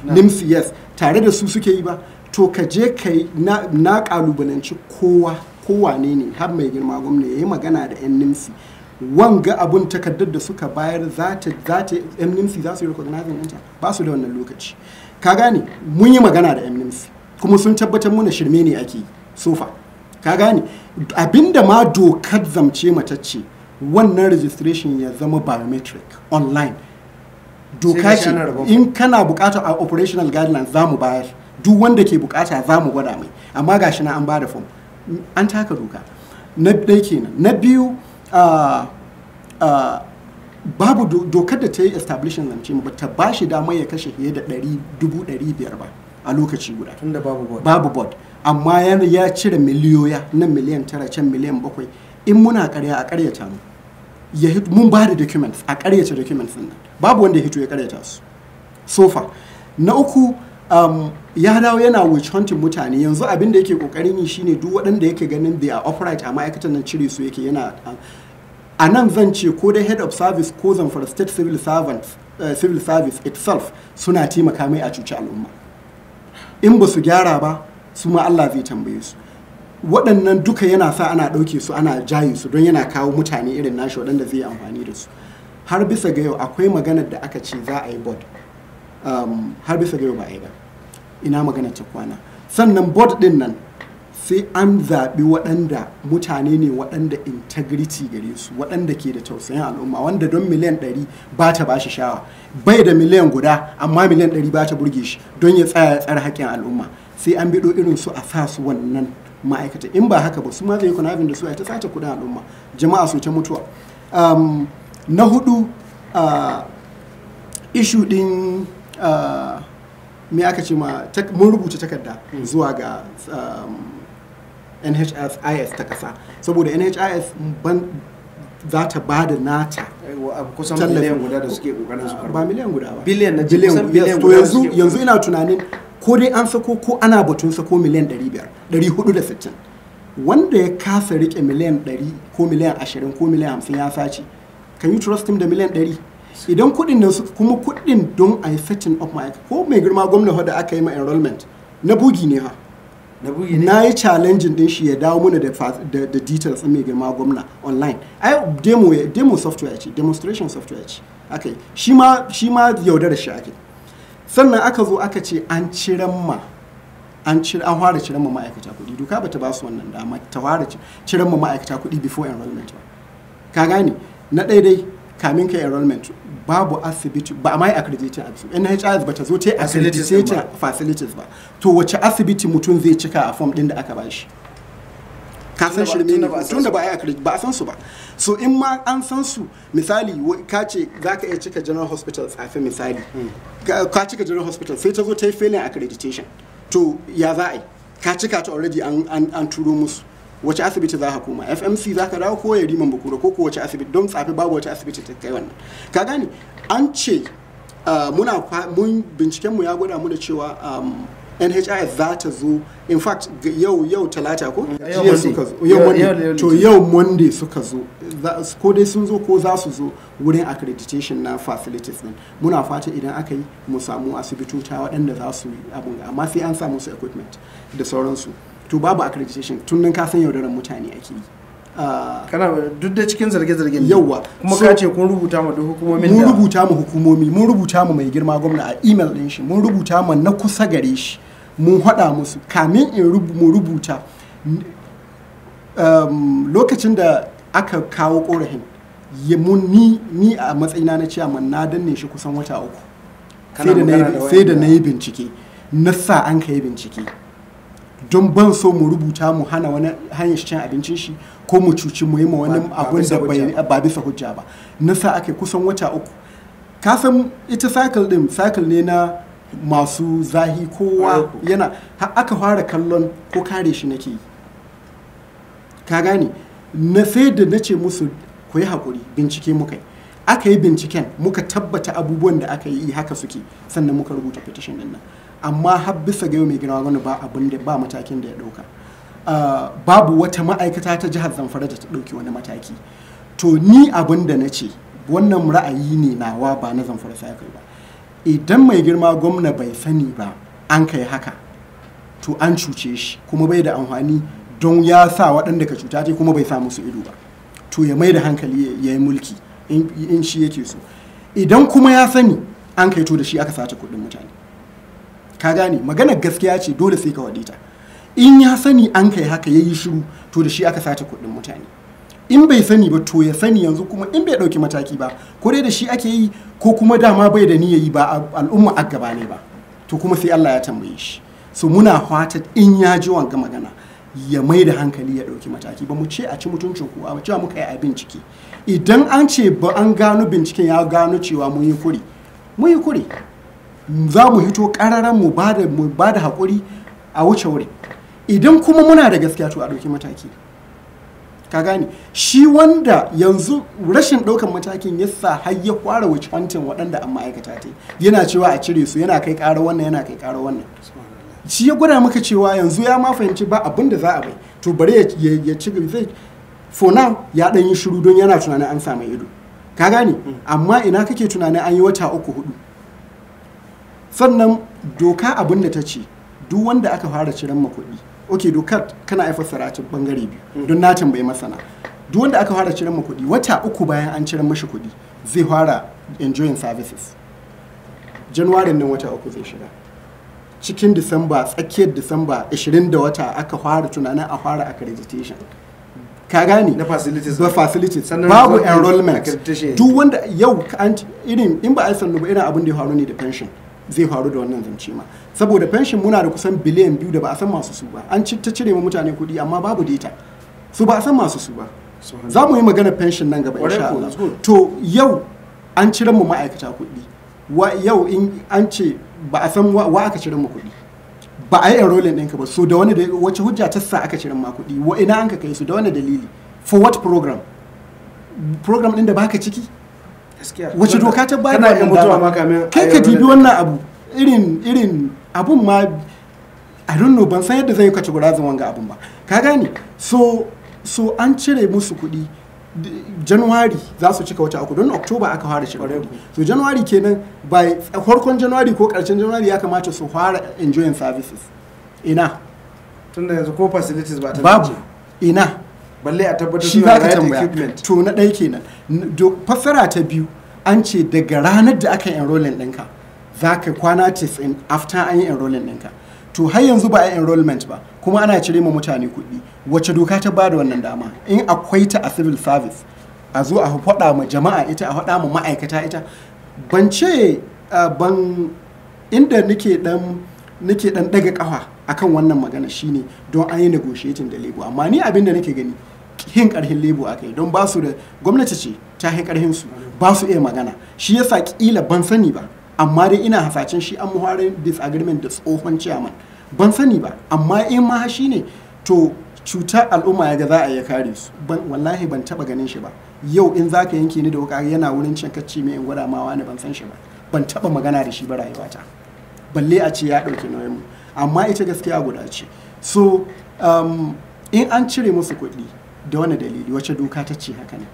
NIMC yes tare da su suke yi ba to ka je ka na kalubalanci kowa kowane ne har mai girma gwamna ya yi magana da yan NIMC wanga abun takardar da suka bayar za ta yan NIMC za su yi recognizing ɗinta ba su da wannan lokaci ka gane mun yi magana da yan NIMC kuma sun tabbatar muna shirme ne ake sofa ka gane abinda ma dokar zamce ce wannan registration ya zama biometric online doka ce in kana bukatar a operational guidelines za mu bayar duk wanda ke bukata za mu gwada mai amma gashi na an ba da fom an taka doka na ɗaya kenan na biyu babu dokar da ta yi establishing zance ba ta ba shi damar ya kashe fiye da 500 ba a lokaci guda tun da babu board amma ya cire miliyoya na miliyan tara can miliyan bakwai in muna karya a karyata mu mun ba da documents a karyata documents din babu wanda ya hito ya karyata su sofa na uku um, ya dawo yana witch hunting mutane yanzu abin da yake kokarin yi shine duk waɗanda yake ganin they are upright a ma'aikatan nan cire su yake yana uh, a nan zan ce ko dai head of service ko zan for state civil servant uh, civil service itself suna taimaka mai a cuci al'umma in ba su gyara ba su ma Allah zai tambaye su waɗannan duka yana sa ana ɗauke su ana jaye su don yana kawo mutane irin nashi waɗanda zai amfani da su har bisa ga yau akwai maganar da aka ce za a yi bod um, har bisa ga yau ba a yi ba ina maganar ta kwana sannan bod ɗin nan sai an zaɓi waɗanda mutane ne waɗanda integrity gare su waɗanda ke da tausayin al'umma wanda don miliyan ɗari ba ta ba shi shawa bai da miliyan guda amma miliyan ɗari ba ta burge shi don ya tsaya ya tsare haƙƙin al'umma sai an biɗo irin su a sa su wannan ma'aikata in ba haka ba su ma zai kuna da su a ta sace kuɗin al'umma jama'a su ta mutuwa um, na hudu uh, ishu din uh, me aka ce ma mun rubuta takarda zuwa ga um, NHIS ta ƙasa saboda NHIS ban za ta ba da nata kusan guda da suke kokarin su ba miliyan guda ba biliyan na biliyan guda yanzu ina tunanin ko dai an sako ko ana batun sako miliyan 460 wanda ya kasa rike miliyan 100 ko miliyan 20 ko miliyan 50 ya sace can you trust him da miliyan 100 idan kudin nan su kuma kudin don a yi setting up my ko mai girma gwamna da aka yi ma enrollment na bugi ne ha na yi challenging din shi ya dawo mana da details mai girma gwamna online ai demo demo software ce demonstration software ce akai shi shi ma yaudara shi ake sannan aka zo aka ce an ciran ma an an fara ciran ma ma'aikata kuɗi doka bata ba su wannan dama ta fara ciran ma ma'aikata kuɗi before enrollment ba ka gane na daidai kamin ka enrollment babu asibiti ba a ma yi accreditation asibiti NHIS bata zo ta yi accreditation facilities ba to wace asibiti mutum zai cika a form ɗin da aka bashi shi ka san shi ne tun da ba a yi ba a san su ba so in ma an san su misali ka ce za ka iya cika general hospital tsafi misali ka cika general hospital sai ta zo ta yi failing accreditation to ya za a yi ka cika ta already an turo musu wace asibiti za ka koma fmc za ka dawo ko ya riman bukura ko ko wace asibiti don tsafi babu wace asibiti ta kai wannan ka gane an ce ah, muna mun binciken mu ya gwada mu da cewa um, NHI za ta zo in fact yau yau talata ko yau Monday to yau Monday suka zo ko dai sun zo ko za su zo wurin accreditation na facilities din muna fata idan aka yi mu samu asibitota waɗanda za su yi abun amma sai an samu su equipment da sauransu to babu accreditation tun nan ka san yaudaran mutane ake yi ah, kana duk da cikin zarge-zargen yauwa kuma ka ce kun rubuta ma duk hukumomi mun rubuta ma hukumomi mun rubuta ma mai girma gwamna a email din shi mun rubuta ma na kusa gare shi mun haɗa musu kamin in mu rubuta um, lokacin da aka kawo ƙorafin ni ni a matsayina na ciyaman na danne shi kusan wata uku sai da na yi bincike na sa an ka yi bincike don ban so mu rubuta mu hana wani hanyar cin abincin shi ko mu cuci mu yi ma wani abun da ba bisa hujja ba na sa aka kusan wata uku kasan ita cycle din cycle ne na masu zahi kowa yana aka fara kallon ko kare shi nake yi ka gane na sai da na ce musu ku yi haƙuri bincike muka yi aka yi binciken muka tabbata abubuwan da aka yi haka suke sannan muka rubuta petition din nan amma har bisa ga yau mai gina wani ba abin da ba matakin da ya ɗauka ah, babu wata ma'aikata ta jihar zamfara da ta ɗauki wani mataki to ni abin da na ce wannan ra'ayi ne nawa ba na zamfara kai ba idan mai girma gwamna bai sani ba an kai haka to an cuce shi kuma bai da amfani don ya sa waɗanda ka cuta ce kuma bai sa musu ido ba to ya mai da hankali ya yi mulki in shi yake so idan kuma ya sani an kai to da shi aka sace kuɗin mutane ka gane magana gaskiya ce dole sai ka waɗe ta in ya sani an kai haka ya yi shiru to da shi aka sace kuɗin mutane in bai sani ba to ya sani yanzu kuma in bai dauki mataki ba ko dai da shi ake yi ko kuma dama bai da ya yi ba al'umma a gaba ne ba to kuma sai Allah ya tambaye shi so muna fata in ya ji wanga magana ya mai da hankali ya ɗauki mataki ba mu ce a ci mutuncin ku a cewa muka yi a bincike idan an ce ba an gano binciken ya gano cewa mun yi kuri mun yi kuri za mu hito kararan mu ba da hakuri a wuce wuri idan kuma muna da gaskiya to a ɗauki mataki ka gane shi wanda yanzu rashin ɗaukan matakin ya sa har ya fara witch hunting waɗanda an ma'aikata ta yana cewa a cire su yana kai ƙara wannan yana kai ƙara wannan shi ya gwada maka cewa yanzu ya ma fahimci ba abin da za a bai to bari ya ci zai for now ya ɗan yi shiru don yana tunanin an samu ido ka gane mm. amma ina kake tunanin an yi wata uku hudu sannan doka abin da ta ce duk wanda aka fara ciran kuɗi. ok dokar kana ai fassara bangare biyu don na tambayi masana duk wanda aka fara ciran kuɗi wata uku bayan an ciran mashi kuɗi zai fara enjoying services januwarin nan wata uku zai shiga cikin disamba tsakiyar disamba 20 da wata aka fara tunanin a fara accreditation ka gane na facilities ba facilities babu enrollment duk wanda yau irin in ba a sannu ba irin abin da ya faru ne da pension zai faru da wannan zance ma saboda fenshin muna da kusan biliyan biyu da ba a san masu su ba an ta cire mu mutane kuɗi amma babu data su ba a san masu su ba za mu yi magana fenshin nan gaba insha Allah to yau an cire mu ma'aikata kuɗi yau in an ce ba a san wa aka cire mu kuɗi ba a yi enrolling ɗinka ba so da wani da wace hujja ta sa aka cire ma kuɗi wa ina an ka kai su da wani dalili for what program program ɗin da baka ciki wace doka ta bayar da mutuwa kai ka dibi wannan abu irin irin abun ma i don't know ban san yadda zai kaci gurazin wanga abun ba ka gane so so an cire musu kuɗi januwari za su cika wata uku don oktoba aka fara shiga so januwari kenan by farkon januwari ko karshen januwari ya kamata su fara enjoying services ina tunda yanzu ko facilities ba ta babu ina balle a tabbatar shi ba ka tambaya to na ɗaya kenan fassara ta biyu an ce daga ranar da aka yi enrollment ɗinka za ka kwana tsin after an yi enrollment ɗinka to har yanzu ba a yi enrollment ba kuma ana cire ma mutane kuɗi wacce doka ta ba da wannan dama in akwai ta a civil service a zo a faɗa ma jama'a ita a faɗa ma ma'aikata ita ban ce ban inda nake dan nake dan daga kafa akan wannan magana shine don an yi negotiating da lebo amma ni abin da nake gani hin karhin lebo a kai don ba su da gwamnati ce ta hin karhin su ba su iya magana shi yasa kila ban sani ba amma dai ina hasashen shi an muharin disagreement da tsohon chairman ban sani ba amma in ma shi ne to cutar al'umma ya ga za a iya kare su wallahi ban taba ganin shi ba yau in zaka yanke ni da wuka yana wurin cin kacci mai in gwada ma wani ban san shi ba ban taba magana da shi ba rayuwata balle a ce ya ɗauki nauyin mu amma ita gaskiya guda ce so um, in an cire musu kuɗi da wani dalili wace doka ta ce haka ne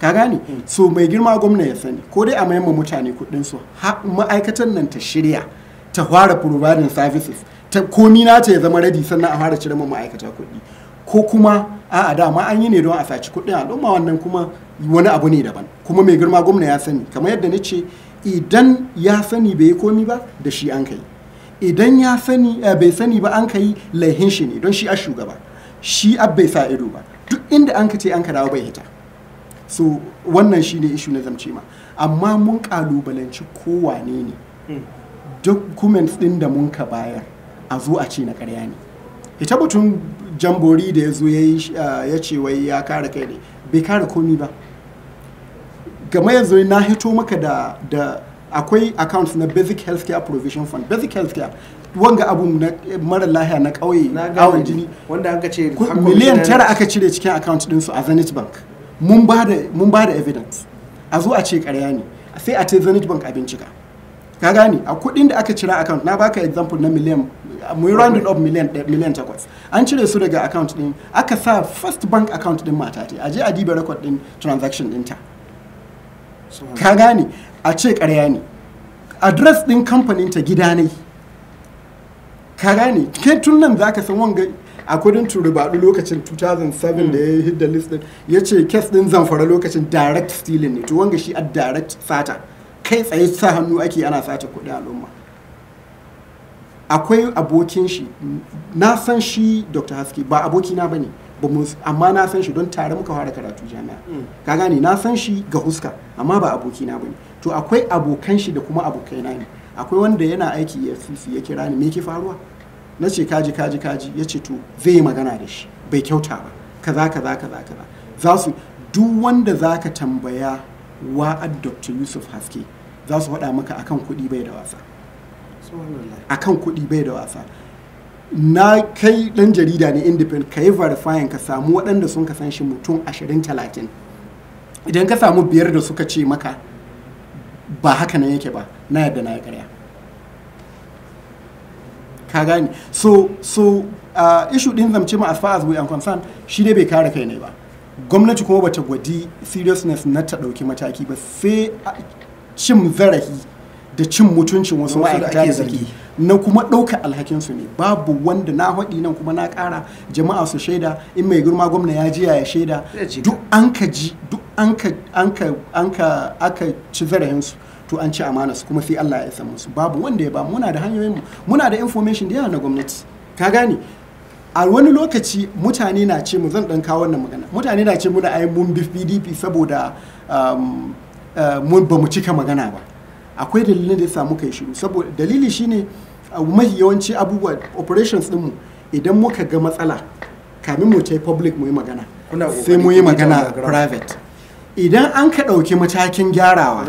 ka gane so mai girma gwamna ya sani ko dai a mayan mutane kuɗin su ma'aikatan nan ta shirya ta fara providing services ta komi na ta ya zama radi sannan a fara cire ma ma'aikata kuɗi ko kuma a'a dama an yi ne don a saci kuɗin al'umma wannan kuma wani abu ne daban kuma mai girma gwamna ya sani kamar yadda na ce idan ya sani bai yi komi ba da shi an kai idan ya sani eh, bai sani ba an kai laihin shi ne don shi a shugaba shi abbai bai sa ido ba duk inda an ka ce an ka dawo bai hita so wannan shine ishu na zamce ma amma mun kalubalanci kowane ne hmm. documents ɗin da mun ka bayar a zo a ce na karya ne ita batun jambori da ya zo ah, ya ce wai ya kare kai ne bai kare komi ba game yanzu na hito maka da akwai accounts na basic healthcare provision fund basic healthcare wanga abun na mara lahiya na kauye awon jini wanda aka ce miliyan tara aka cire cikin account din su a Zenith Bank mun ba da evidence a zo a ce karya ne sai a ce Zenith Bank a bincika ka gane a kuɗin da aka cira account na baka example na miliyan mu rounded up miliyan takwas an cire su daga account din aka sa first bank account din mata ta aje a diba record din transaction dinta ka gane a ce karya ne address din kamfanin ta gida ne ka gane ke tun nan za ka san wanga a kudin turubadu lokacin 2007 hmm. da ya yi hidda list ya ce kes din zamfara lokacin direct stealing ne to wanga shi a direct sata kai tsaye sa hannu ake ana sata kudi al'umma akwai abokin shi na san shi dr haske ba abokina ba ne amma na san shi don tare muka fara karatu jami'a hmm. ka gane na san shi ga huska amma ba abokina ba ne to akwai abokan shi da kuma abokaina ne akwai wanda yana aiki ya efcc ya kira ni me ke faruwa na ce kaji kaji kaji ya ce to zai yi magana da shi bai kyauta ba kaza kaza kaza kaza za su duk wanda zaka tambaya wa dr yusuf haske za su faɗa maka akan kuɗi bai da wasa akan kuɗi bai da wasa na kai ɗan jarida ne independent ka yi verifying ka samu waɗanda sun ka san shi mutum ashirin talatin idan ka samu biyar da suka ce maka ba haka nan yake ba na yadda na karya ka gane so so uh, issue din zamce ma as far as we are concerned shi ne bai kare kai ne ba gwamnati kuma bata gwadi seriousness na ta ɗauki mataki ba sai cin zarafi da cin mutuncin wasu ma'aikata da zargi na kuma ɗauka su ne babu wanda na haɗi nan kuma na kara jama'a su shaida in mai girma gwamna ya jiya ya shaida duk an ka ji duk an ka aka ci su to an ci amana su kuma fi Allah ya isa musu babu wanda ya ba muna da hanyoyin mu muna da information da yawa na gwamnati ka gane a wani lokaci mutane na ce mu zan dan kawo wannan magana mutane na ce muna ayi mun bi PDP saboda um, uh, mun ba mu cika magana ba akwai dalilin da ya muka yi shiru saboda dalili shine uh, mafi yawanci abubuwa operations din mu idan muka ga matsala kamin mu ta public mu yi magana sai mu yi magana private idan an ka ɗauki matakin gyarawa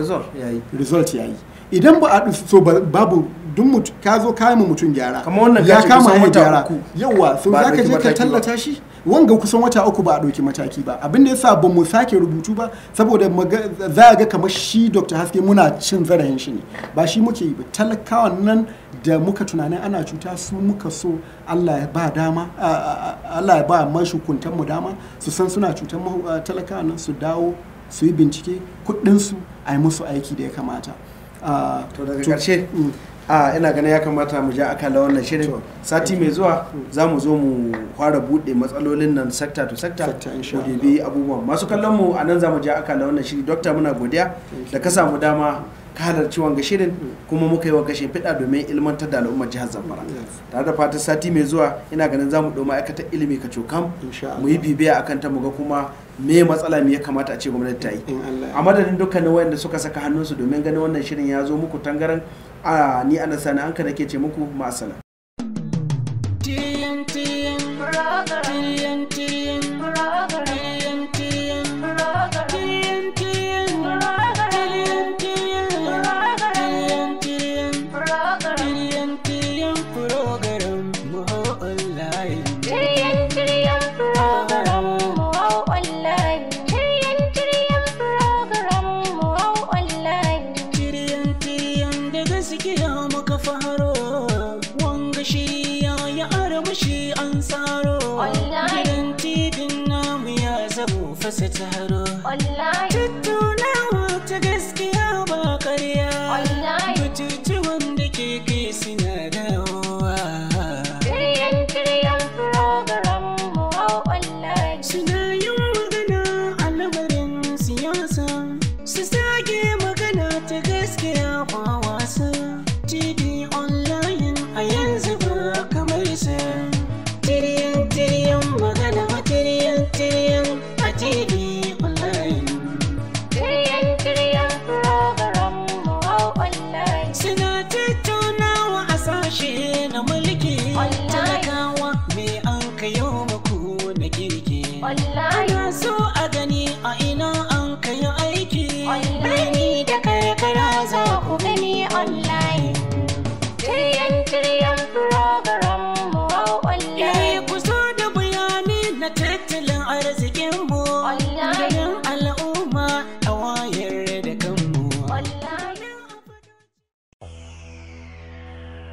result ya yi idan ba a so babu duk mutum ka zo mu mutum gyara ya kama ya gyara yawa so za ka je ka tallata shi wanga kusan wata uku ba a ɗauki mataki ba abin da yasa ba mu sake rubutu ba saboda za a ga kamar shi dr haske muna cin zarahin shi ne ba shi muke yi ba talakawan nan da muka tunanin ana cuta su muka so allah ya ba dama allah ya ba mashukuntan mu dama su san suna cutar talakawan nan su dawo su yi bincike kuɗinsu a yi musu aiki da ya kamata ah, to daga ƙarshe mm. a ina ganin ya kamata mu ja akala wannan shirin sati mai zuwa hmm. za mu zo mu fara bude matsalolin nan sekta to sekta mu bi abubuwan masu kallon mu a nan za mu ja akala wannan shiri dokta muna godiya da ka samu dama ka halarci wanga shirin hmm. kuma muka yi wa gashin fida domin ilmantar da al'ummar jihar zamfara hmm, tare da fatan sati mai zuwa ina ganin za mu ɗau ma'aikatar ilimi ka cokam mu yi bibiya akan ta mu ga kuma me matsala me ya kamata a ce gwamnati ta yi a madadin dukkanin wayanda suka saka hannunsu domin ganin wannan shirin ya zo muku tangaran a ni ana sani hankali ke nake ce muku ma'asala.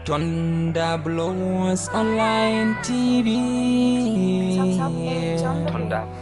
Thunder Blows Online TV. Thunder